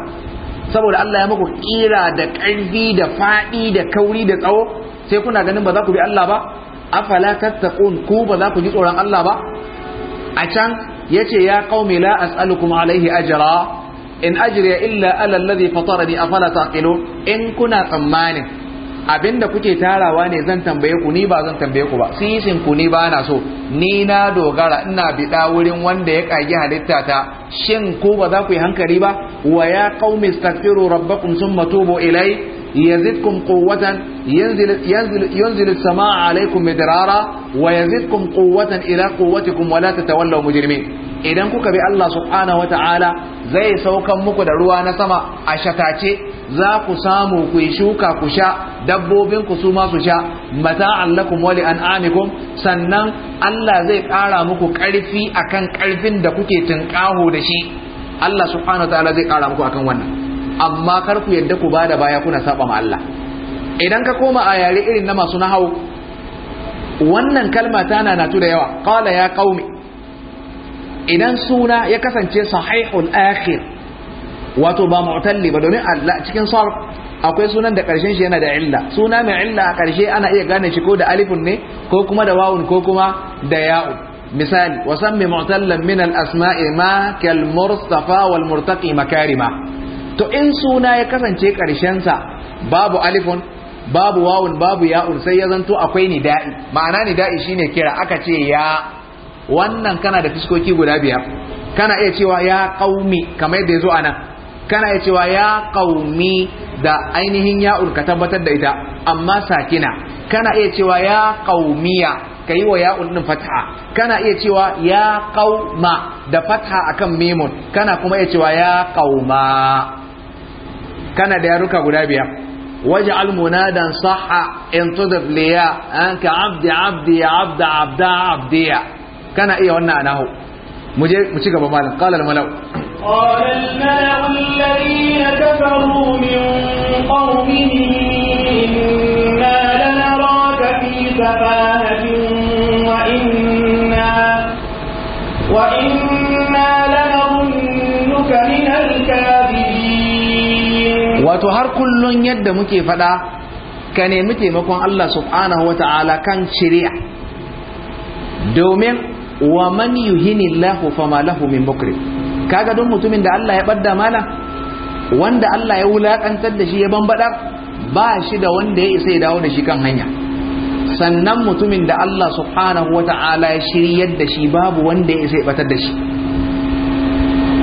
saboda Allah ya muku kira da ƙarfi da faɗi da kauri da tsawo sai kuna ganin ba za ku bi Allah ba afala tattaqun ku ba za ku ji tsoron Allah ba a can yace ya qaumi la as'alukum alaihi ajra in ajriya illa ala alladhi fatarani afala taqilun in kuna tsammanin abinda kuke tarawa ne zan tambaye ku ni ba zan tambaye ku ba sisin ku ni ba na so ni na dogara ina bida wurin wanda ya kage halitta ta shin ku ba za ku yi hankali ba wa ya qaumi astaghfiru rabbakum thumma tubu ilai? يزدكم قوة ينزل, ينزل, ينزل السماء عليكم مدرارا ويزدكم قوة إلى قوتكم ولا تتولوا مجرمين idan kuka bi Allah subhanahu wataala zai saukan muku da ruwa na sama a shatace za ku samu ku yi shuka ku sha dabbobin ku su su sha mata lakum wa li'an'amikum sannan Allah zai ƙara muku ƙarfi akan ƙarfin da kuke tunƙaho da shi Allah subhanahu wataala zai ƙara muku akan wannan amma kar ku yadda ku bada baya kuna saba ma Allah idan ka koma a yare irin na masu nahau. wannan kalma tana natu da yawa qala ya qaumi idan suna ya kasance sahihul akhir wato ba mu'talli ba domin Allah cikin sarf akwai sunan da karshen shi yana da illa suna mai illa a karshe ana iya gane shi ko da alifun ne ko kuma da wawun ko kuma da ya'un misali wasammi mu'tallan min al-asma'i ma kal mursafa wal murtaqi makarima to in suna ya kasance ƙarshensa babu alifun babu wawun babu ya'un sai ya zanto akwai nida'i ma'ana nida'i shine kira aka ce ya wannan kana da fiskoki guda biyar kana iya cewa ya qaumi kamar yadda yazo anan kana iya cewa ya qaumi da ainihin ya'un ka tabbatar da ita amma sakina kana iya cewa ya qaumiya ka wa ya'un ɗin fatha kana iya cewa ya qauma da fatha akan memon? kana kuma iya cewa ya qauma kana da yaruka guda biyar waj'al munadan sahha in tudif liya anka abdi abdi ya abda abda abdiya kana iya wannan anahu mu je mu ci gaba malam qala al malau قال الملأ الذين كفروا من قومه إنا لنراك في سفاهة wato har kullun yadda muke faɗa ka nemi taimakon Allah subhanahu wa ta'ala kan shari'a domin wa man yuhini Allahu fama lahu min bukri kaga don mutumin da Allah ya badda mana wanda Allah ya wulakantar da shi ya bambadar ba shi da wanda ya isa ya dawo da shi kan hanya sannan mutumin da Allah subhanahu wa ta'ala ya shiryar da shi babu wanda ya isa ya batar da shi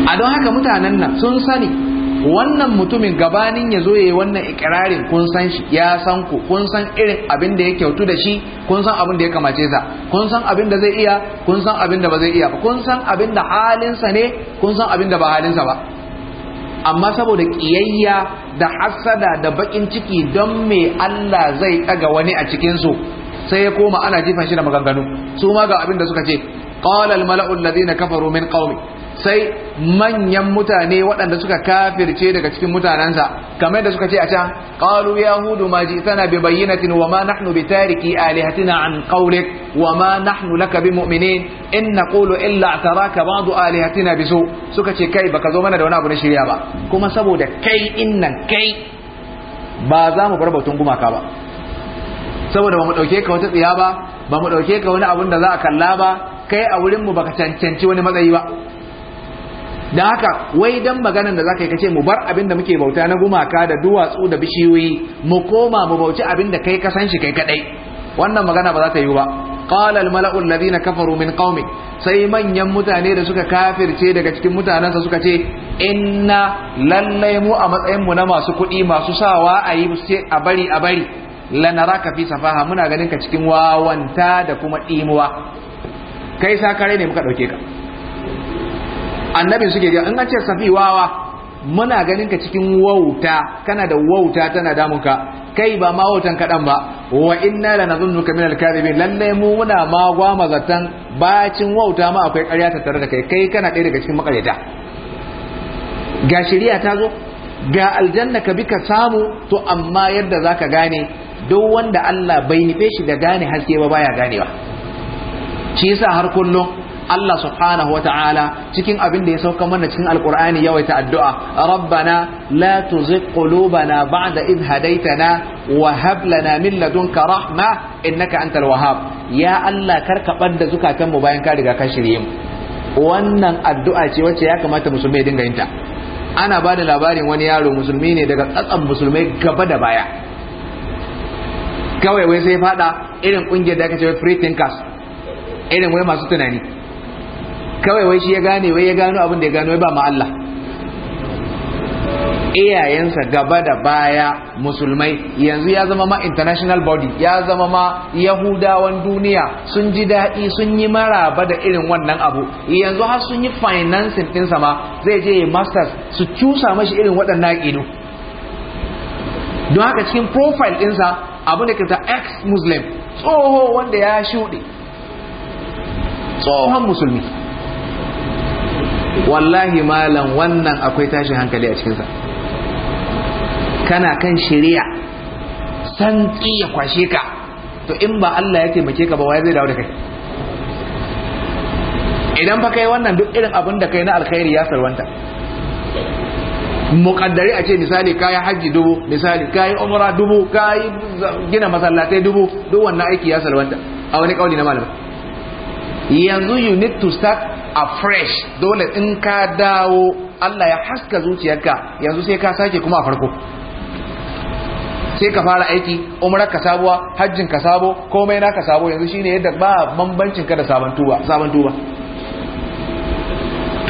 a don haka mutanen nan sun sani wannan mutumin gabanin ya zo ya yi wannan ikirarin kun san shi ya san ku kun san irin abin da ya kyautu da shi kun san abin da ya kamace sa kun san abin da zai iya kun san abin da ba zai iya ba kun san abin da halinsa ne kun san abin da ba halinsa ba amma saboda kiyayya da hasada da bakin ciki don me Allah zai daga wani a cikin su sai ya koma ana jifan shi da maganganu su ma ga abin da suka ce qala al mala'u alladhina kafaru min qaumi sai manyan mutane waɗanda suka kafirce daga cikin mutanensa kamar da suka ce a can qalu yahudu ma ji'tana bi bayyinatin wa ma nahnu bi tariki alihatina an qawlik wa ma nahnu laka bi mu'minin in naqulu illa ataraka ba'du alihatina bi su suka ce kai baka zo mana da wani abu na shirya ba kuma saboda kai innan kai ba za mu bar batun gumaka ba saboda ba mu dauke ka wata tsiya ba ba mu dauke ka wani abun da za a kalla ba kai a wurin mu baka cancanci wani matsayi ba don haka wai dan maganan da za ka yi kace mu bar abin da muke bauta na gumaka da duwatsu da bishiyoyi mu koma mu bauci abin da kai ka san shi kai kadai wannan magana ba za ta yi ba qala al mala'u alladhina kafaru min sai manyan mutane da suka kafirce daga cikin mutanansa suka ce inna lallai mu a matsayin mu na masu kuɗi masu sawa a yi a bari a bari lanaraka fi safaha muna ganin ka cikin wawanta da kuma ɗimuwa kai sakare ne muka ɗauke ka annabi suke ga in an ce safi wawa muna ganin ka cikin wauta kana da wauta tana damunka kai ba ma wautan kaɗan ba wa inna la nadhunnuka min al-kadhibin lalle mu muna ma gwa mazatan bacin wauta ma akwai ƙarya ta tare da kai kai kana ɗaya daga cikin makareta ga shari'a ta zo ga aljanna ka bi ka samu to amma yadda zaka gane duk wanda Allah bai nufe shi da gane haske ba baya ganewa shi yasa har kullum Allah subhanahu wa ta'ala cikin abin da ya sauka mana cikin alkur'ani yawaita addu'a rabbana la tuzigh qulubana ba'da idh hadaytana wa hab lana min ladunka rahma innaka antal wahhab ya Allah karkabar da zukatan mu bayan ka riga ka shirye mu wannan addu'a ce wacce ya kamata musulmai dinga yinta ana ba da labarin wani yaro musulmi ne daga tsatsan musulmai gaba da baya kawai wai sai fada irin kungiyar da aka ce free thinkers irin wai masu tunani kawai wai shi ya gane wai ya gano abin da ya gano wai ba ma Allah iyayensa gaba da baya musulmai yanzu ya zama ma international body ya zama ma yahudawan duniya sun ji daɗi sun yi maraba da irin wannan abu yanzu har sun yi financing ɗinsa ma zai je yi masters su cusa mashi irin waɗannan ido don haka cikin profile ɗinsa abu da kata ex-muslim tsoho wanda ya shuɗe tsohon musulmi wallahi malam wannan akwai tashin hankali a cikinsa kana kan shari'a santsi ya kwashe ka to in ba Allah ya taimake ka ba wai zai dawo da kai idan fa kai wannan duk irin abin da kai na alkhairi ya salwanta muƙaddari a ce misali yi hajji dubu misali yi umra dubu yi gina masallatai dubu duk wannan aiki ya salwanta a wani kauli na malama yanzu you need to start A fresh dole in ka dawo Allah ya haska zuciyarka yanzu sai ka sake kuma a farko sai ka fara aiki umarar ka sabuwa hajjin ka sabo komai na ka sabo yanzu shine yadda ba bambancin ka da sabon tuba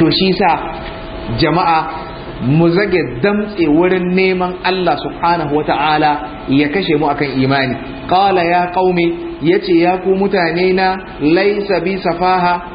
to shi sa jama'a mu zage damtse wurin neman Allah subhanahu wata'ala ya kashe mu akan imani qala ya qaumi yace ya ku mutane na laysa bi safaha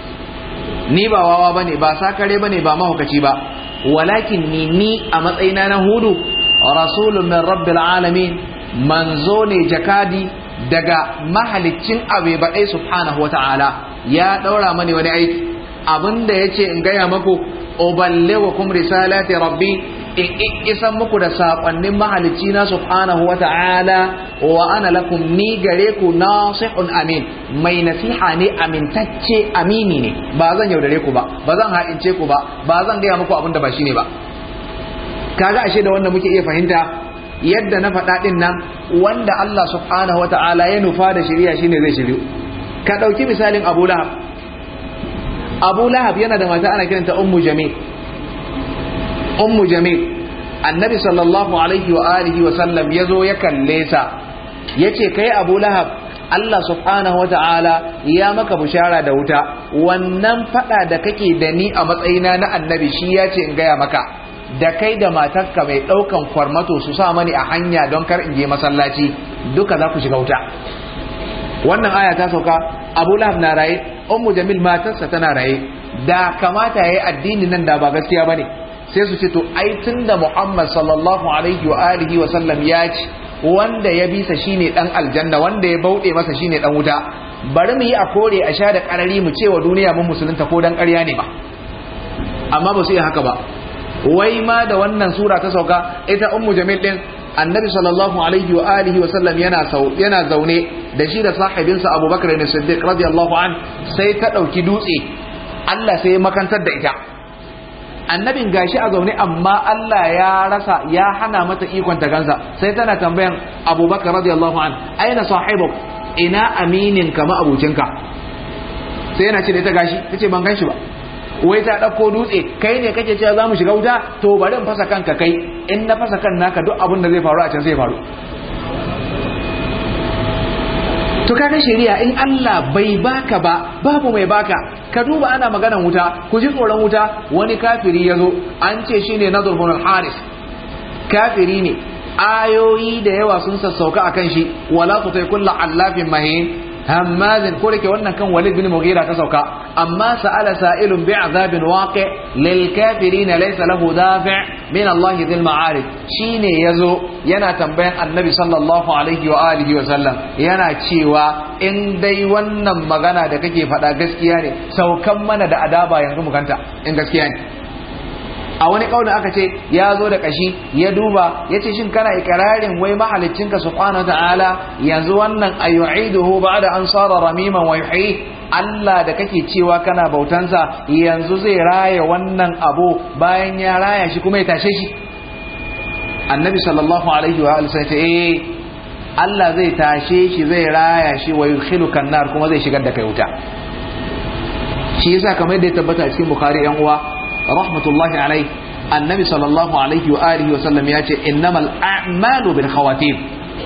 ni ba wawa bane ba sakare bane ba mahaukaci ba walakin ni ni a matsayina na hudu rasulun min rabbil alamin manzo ne jakadi daga mahaliccin ba baɗai subhanahu wata'ala ya ɗaura mani wani aiki abinda yace in gaya maku uballe wa kum risalati rabbi isan muku da saƙonnin mahalicci na subhanahu wa ta'ala wa ana lakum ni gare ku nasihun amin mai nasiha ne amintacce amini ne ba zan yaudare ku ba ba zan haɗince ku ba ba zan gaya muku abin da ba shi ne ba kaga ashe da wanda muke iya fahimta yadda na faɗa ɗin nan wanda Allah subhanahu wa ta'ala ya nufa da shari'a shine zai shiryu ka ɗauki misalin Abu Lahab Abu Lahab yana da mata ana kiranta Ummu Jamil ummu jamil annabi sallallahu alaihi wa alihi wa sallam yazo ya kalle sa yace kai abu lahab Allah subhanahu wa ta'ala ya maka bushara da wuta wannan fada da kake da ni a matsayina na annabi shi ya ce in gaya maka da kai da matarka mai daukan kwarmato su sa mani a hanya don kar in je masallaci duka za ku shiga wuta wannan aya ta sauka abu lahab na raye ummu jamil matarsa tana raye da kamata yayi addini nan da ba gaskiya bane sai su ce to ai tunda Muhammad sallallahu alaihi wa alihi wa sallam ya ce wanda ya bisa shine dan aljanna wanda ya bauɗe masa shine dan wuta bari mu yi a kore a sha da karari mu ce wa duniya mun musulunta ko dan ƙarya ne ba amma ba su yi haka ba wai ma da wannan sura ta sauka ita ummu jamil din annabi sallallahu alaihi wa alihi wa sallam yana sau yana zaune da shi da sahibinsa abubakar ne siddiq radiyallahu an sai ta dauki dutse Allah sai makantar da ita annabin gashi a zaune amma Allah ya rasa ya hana mata ikon ta gansa sai tana tambayan abubakar radiyallahu an aina sahibuk ina aminin kama abokinka sai yana ce da ita gashi ta ce ban ganshi ba wai ta ɗauko dutse kai ne kake cewa za mu shiga wuta to bari in fasa kanka kai in na fasa kan naka duk abin da zai faru a can zai faru to kaga shari'a in Allah bai baka ba babu mai baka ka duba ana maganan wuta ku ji tsoron wuta wani kafiri yazo an ce shine Nadir bin Haris kafiri ne ayoyi da yawa sun sassauka akan shi wala tutai kullu allafin mahin hammazin ko dake wannan kan Walid bin Mughira ta sauka amma sa'ala sa'ilun azabin waqi lil kafirin laysa lahu dafi' min Allah dhil ma'arif shine yazo yana tambayan Annabi sallallahu alaihi wa alihi wa sallam yana cewa in dai wannan magana da kake faɗa gaskiya ne saukan mana da adaba yanzu mu kanta in gaskiya ne a wani kaulin aka ce ya zo da kashi ya duba ya ce shin kana ikirarin wai mahaliccinka kwana ta'ala yanzu wannan ba da an sara ramiman wa yuhyi Allah da kake cewa kana bautansa yanzu zai raya wannan abu bayan ya raya shi kuma ya tashe shi annabi sallallahu alaihi wa alihi eh Allah zai tashe shi zai raya shi wa yukhiluka nar kuma zai shigar da kai wuta shi yasa kamar yadda ya tabbata a cikin bukhari yan uwa rahmatullahi alaihi annabi sallallahu alaihi wa alihi wa sallam ya ce innamal a'malu bil khawatim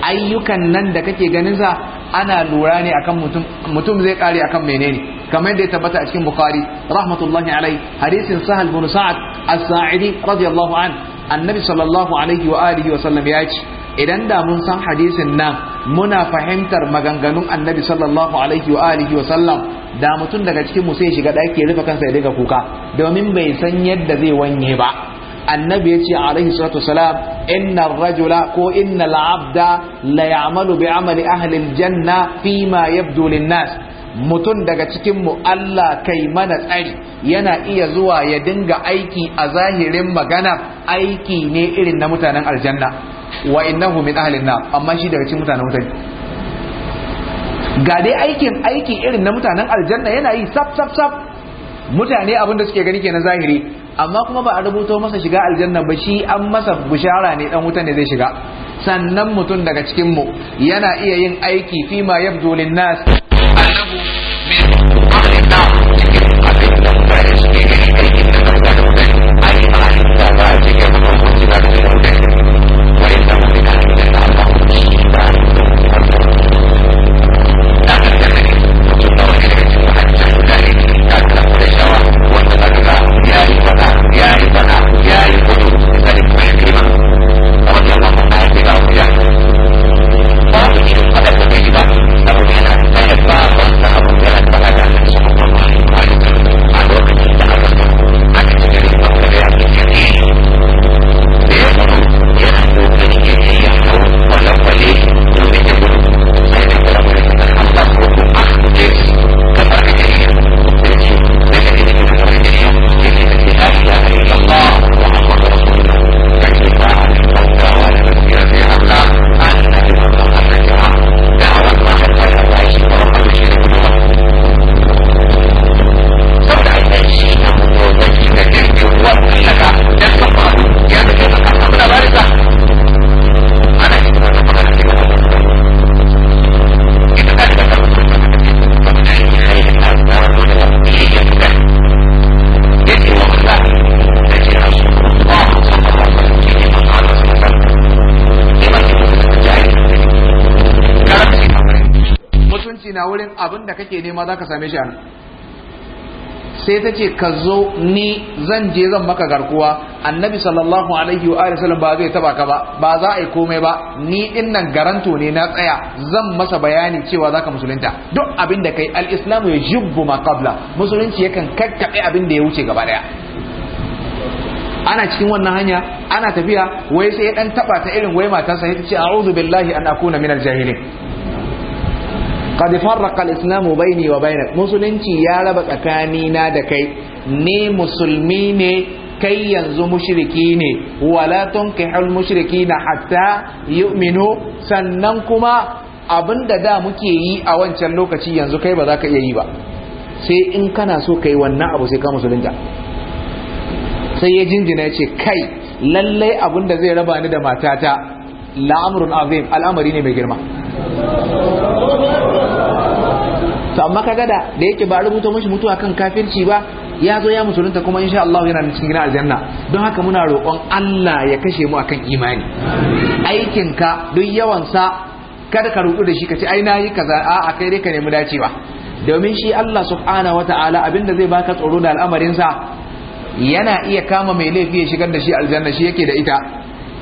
ayyukan nan da kake ganin sa ana lura ne akan mutum mutum zai kare akan menene kamar yadda ya tabbata a cikin bukhari rahmatullahi alaihi hadisin sahal bin sa'ad as-sa'idi radiyallahu an annabi sallallahu alaihi wa alihi wa sallam ya ce idan da mun san hadisin nan muna fahimtar maganganun annabi sallallahu alaihi wa alihi wa sallam da mutum daga cikin mu sai shiga daki ya rufe kansa ya daga kuka domin bai san yadda zai wanye ba annabi ya ce alaihi salatu wasalam inna rajula ko inna abda la ya'malu bi amali ahli janna fi ma yabdu lin nas mutum daga cikin mu Allah kai mana tsari yana iya zuwa ya dinga aiki a zahirin magana aiki ne irin na mutanen aljanna wa innahu min ahlin nar amma shi daga cikin mutanen wuta ga dai aikin aiki irin na mutanen aljanna yana yi sab sab sab mutane abinda suke gani kenan zahiri amma kuma ba a rubuto masa shiga aljanna ba shi an masa bushara ne dan wutan ne zai shiga sannan mutum daga cikin mu yana iya yin aiki fi ma yabdu lin nas annahu min cikin abin da abin da kake nema za ka same shi a nan sai ta ce ka zo ni zan je zan maka garkuwa annabi sallallahu alaihi wa sallam ba zai taba ka ba ba za a yi komai ba ni din nan garanto ne na tsaya zan masa bayani cewa zaka musulunta duk abin da kai al-islamu ya jibbu ma qabla musulunci yakan kakkabe abin da ya wuce gaba daya ana cikin wannan hanya ana tafiya wai sai ya dan taba ta irin wai matarsa sai ta ce a'udhu billahi an akuna minal jahilin qad farraqa al-islamu baini wa bainak musulunci ya raba tsakanina da kai ni musulmi ne kai yanzu mushiriki ne wala tunkihul mushrikina hatta yu'minu sannan kuma abinda da muke yi a wancan lokaci yanzu kai ba za iya yi ba sai in kana so kai wannan abu sai ka musulunta sai ya jinjina ya kai lallai abun da zai raba ni da matata la'amrun azim al'amari ne mai girma to amma kaga da da yake ba rubuta mashi mutuwa kan kafirci ba ya zo ya musulunta kuma insha Allah yana cikin gidan aljanna don haka muna roƙon Allah ya kashe mu akan imani aikin ka duk yawan sa kada ka rubuta da shi ka ai nayi kaza a a kai dai ka nemi dacewa domin shi Allah subhanahu wataala abinda zai baka tsoro da al'amarin sa yana iya kama mai laifi ya shigar da shi aljanna shi yake da ita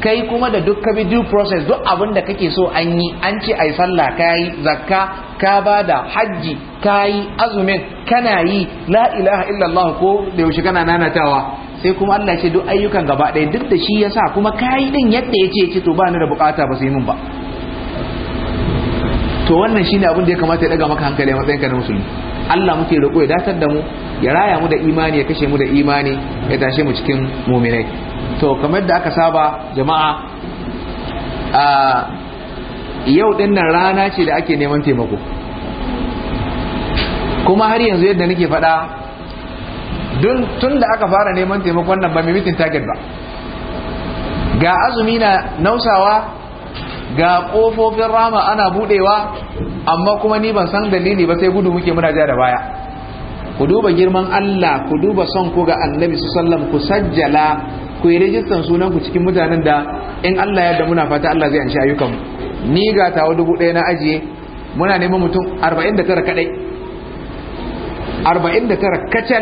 kai kuma da duk bi due process duk abin da kake so an yi an ce ai sallah kayi zakka ka ba da hajji kayi azumin kana yi la ilaha illallah ko da yaushe kana nanatawa sai kuma Allah ce duk ayyukan gaba ɗaya duk da shi yasa kuma kai din yadda yace ce to ba ni da bukata ba sai mun ba to wannan shine abin da ya kamata ya daga maka hankali a matsayinka na musulmi Allah muke roƙo ya datar da mu ya raya mu da imani ya kashe mu da imani ya tashe mu cikin muminai to kamar da aka saba jama'a a yau din rana ce da ake neman taimako kuma har yanzu yadda nake faɗa tun da aka fara neman taimako. Wannan ba mai mitin target ba ga azumi na nausawa ga kofofin rama ana buɗewa amma kuma ni ban san dalili ba sai gudu muke muna ja da baya ku duba girman Allah ku duba son ku ga annabi alaihi wasallam ku sajjala ku yi rijistan sunan ku cikin mutanen da in Allah ya da muna fata Allah zai anshi ayyukan ni ga tawo dubu ɗaya na ajiye muna neman mutum 49 kadai 49 kacal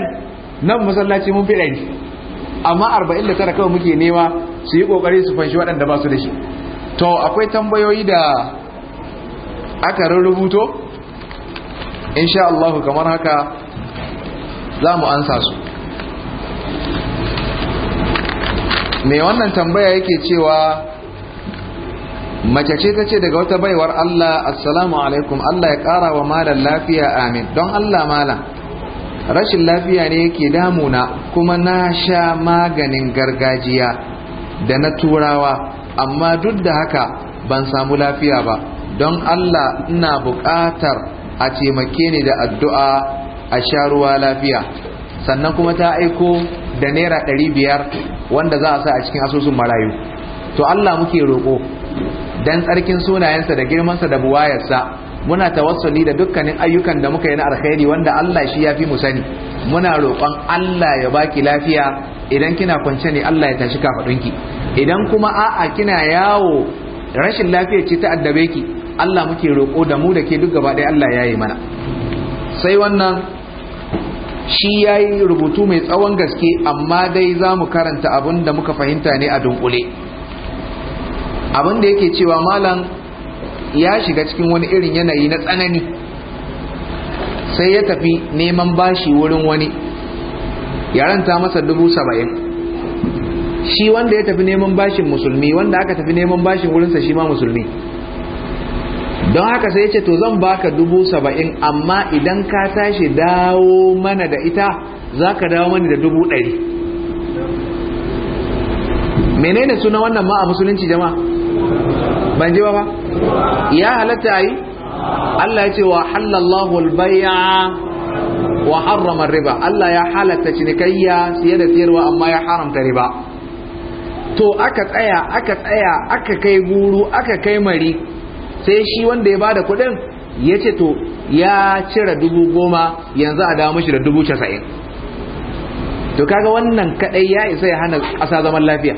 nan masallaci mun fi ɗari amma 49 kawai muke nema su yi ƙoƙari su fanshi waɗanda ba su da shi to akwai tambayoyi da aka rubuto insha Allah kamar haka za mu ansa su mai wannan tambaya yake cewa mace ce ta ce daga wata baiwar Allah assalamu alaikum Allah ya ƙara wa malam lafiya amin don Allah malam rashin lafiya ne yake damuna kuma na sha maganin gargajiya da na turawa amma duk da haka ban samu lafiya ba don Allah ina buƙatar a taimake ni da addu'a a sha ruwa lafiya sannan kuma ta aiko da naira ɗari biyar wanda za a sa a cikin asusun marayu to Allah muke roƙo dan tsarkin sunayensa da girmansa da buwayarsa muna tawassuli da dukkanin ayyukan da muka yi na alkhairi wanda Allah shi ya fi mu sani muna roƙon Allah ya baki lafiya idan kina kwance ne Allah ya tashi kafaɗunki idan kuma a'a kina yawo rashin lafiyar ce ta addabe ki Allah muke roƙo da mu da ke duk gaba ɗaya Allah ya yi mana sai wannan shi ya yi rubutu mai tsawon gaske amma dai za mu karanta abin da muka fahimta ne a dunkule abin da yake cewa malam ya shiga cikin wani irin yanayi na tsanani sai ya tafi neman bashi wurin wani ya ranta masa dubu saba'in shi wanda ya tafi neman bashin musulmi wanda aka tafi neman bashin wurinsa shi ma musulmi don haka sai ce to zan baka dubu saba'in amma idan ka tashi dawo mana da ita za ka dawo mana da dubu ɗari menene suna wannan ma a musulunci jama'a ban ji ba ba ya halatta yi Allah ya ce wa hallallahu albaya wa harrama riba Allah ya halatta cinikayya siye da siyarwa amma ya haramta riba to aka tsaya aka tsaya aka kai guru aka kai mari sai shi wanda ya bada kuɗin ya ce to ya cire dubu goma yanzu a damu shi da dubu casa'in to kaga wannan kadai ya isa ya hana ƙasa zaman lafiya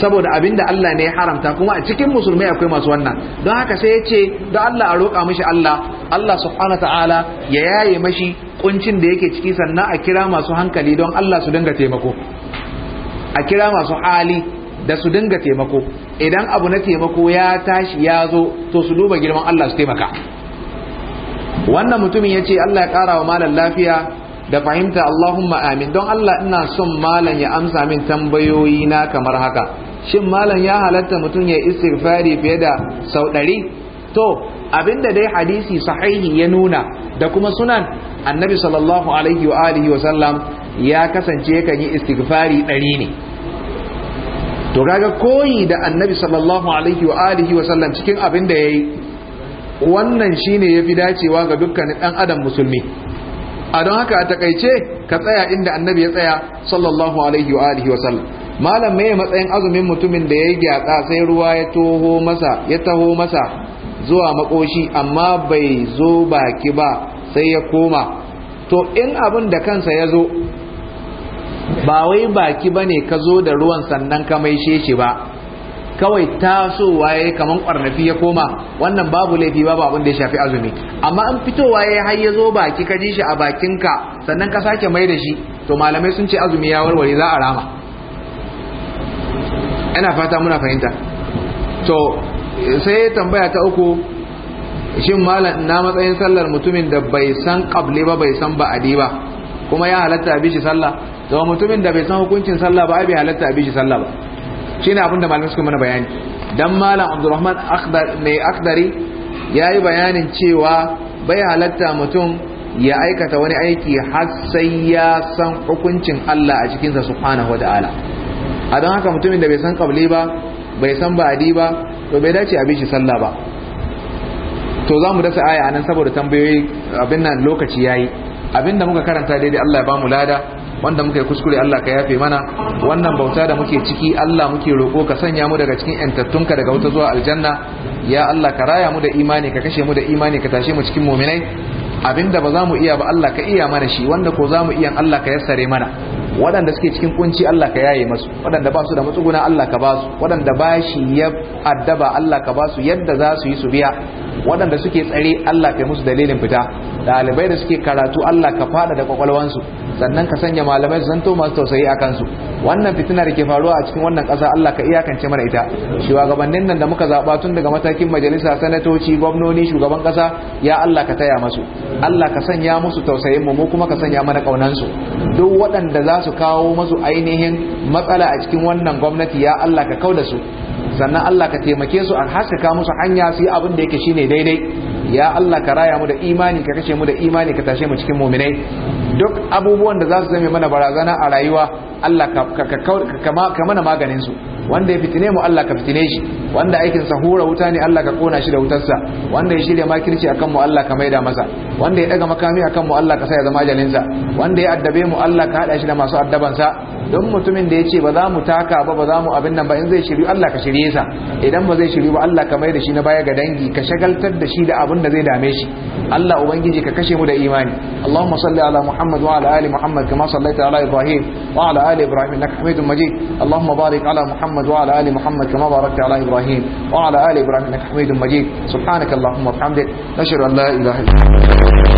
saboda abin da Allah ne ya haramta kuma a cikin musulmai akwai masu wannan don haka sai ya ce don Allah a roƙa mashi Allah Allah subhanahu ta'ala ya yaye mashi ƙuncin da yake ciki sannan a kira masu hankali don Allah su dinga taimako a kira masu hali da su dinga taimako idan abu na taimako ya tashi ya zo to su duba girman Allah su taimaka wannan mutumin ya ce Allah ya ƙara wa malam lafiya da fahimta Allahumma amin don Allah ina son malam ya amsa min tambayoyi na kamar haka shin malam ya halatta mutum ya istighfari fiye da sau ɗari to abinda dai hadisi sahihi ya nuna da kuma sunan annabi sallallahu alaihi wa alihi wa sallam ya kasance kan yi istighfari ɗari ne to kaga koyi da annabi sallallahu alaihi wa alihi wa sallam cikin abin da yayi wannan shine yafi dacewa ga dukkanin dan adam musulmi a don haka a takaice ka tsaya inda annabi ya tsaya sallallahu alaihi wa alihi wa sallam malam mai matsayin azumin mutumin da yayi gyatsa sai ruwa ya toho masa ya taho masa zuwa makoshi amma bai zo baki ba sai ya koma to in abin da kansa ya zo ba wai baki bane ka zo da ruwan sannan ka mai sheshe ba kawai tasowa ya yi kamar kwarnafi ya koma wannan babu laifi babu abin da ya shafi azumi amma an fitowa ya har ya zo baki ka ji shi a bakinka sannan ka sake mai da shi to malamai sun ce azumi ya warware za a rama ina fata muna fahimta to sai tambaya ta uku shin malam ina matsayin sallar mutumin da bai san kable ba bai san ba'adi ba kuma ya halatta a bishi sallah da mutumin da bai san hukuncin sallah ba bai halatta a bishi sallah ba shine abin da malamai suka mana bayani dan malam Abdulrahman Akhdar mai akdari yayi bayanin cewa bai halatta mutum ya aikata wani aiki har sai ya san hukuncin Allah a cikin sa subhanahu ta'ala. a don haka mutumin da bai san kabli ba bai san ba'adi ba to bai dace a bishi sallah ba to za mu dasa aya anan saboda tambayoyi abin nan lokaci yayi abinda muka karanta daidai Allah ya bamu lada wanda muka yi kuskure Allah ka yafe mana wannan bauta da muke ciki Allah muke roƙo ka sanya mu daga cikin yantattunka daga wata zuwa aljanna ya Allah ka raya mu da imani ka kashe mu da imani ka tashe mu cikin mu'minai abinda ba za mu iya ba Allah ka iya mana shi wanda ko za mu iya Allah ka yassare mana waɗanda suke cikin kunci Allah ka yaye masu waɗanda ba su da matsuguna Allah ka ba su waɗanda ba shi ya addaba Allah ka ba su yadda za su yi su biya waɗanda suke tsare Allah ka musu dalilin fita ɗalibai da suke karatu Allah ka fada da su sannan ka sanya malamai su zanto masu tausayi a kansu wannan fitina da ke faruwa a cikin wannan ƙasa Allah ka iyakance mana ita shugabannin nan da muka zaɓa tun daga matakin majalisa sanatoci gwamnoni shugaban ƙasa ya Allah ka taya masu Allah ka sanya musu tausayin mu mu kuma ka sanya mana ƙaunansu duk waɗanda za su kawo masu ainihin matsala a cikin wannan gwamnati ya Allah ka kauda su sannan Allah ka taimake su an haskaka musu hanya su yi abin da yake shine daidai ya Allah ka raya mu da imani ka kashe mu da imani ka tashe mu cikin mu'minai duk abubuwan da za su zame mana barazana a rayuwa Allah ka ka ka mana maganin su wanda ya fitine mu Allah ka fitine shi wanda aikin sa hura wuta ne Allah ka kona shi da wutarsa wanda ya shirya makirci akan mu Allah ka maida masa wanda ya daga makami akan mu Allah ka sa ya zama jalinsa wanda ya addabe mu Allah ka hada shi da masu addaban sa don mutumin da ya ce ba za mu taka ba ba za mu abin nan ba in zai shiryu Allah ka shirye sa idan ba zai shiryu ba Allah ka maida shi na baya ga dangi ka shagaltar da shi da abin da zai dame shi Allah ubangiji ka kashe mu da imani Allahumma salli ala Muhammad wa ala ali Muhammad kama sallaita ala Ibrahim wa ala ali Ibrahim innaka Hamidum Majid Allahumma barik ala Muhammad wa ala ali Muhammad kama barakta ala Ibrahim wa ala ali Ibrahim innaka Hamidum Majid subhanaka Allahumma wa bihamdik nashhadu an la ilaha illa anta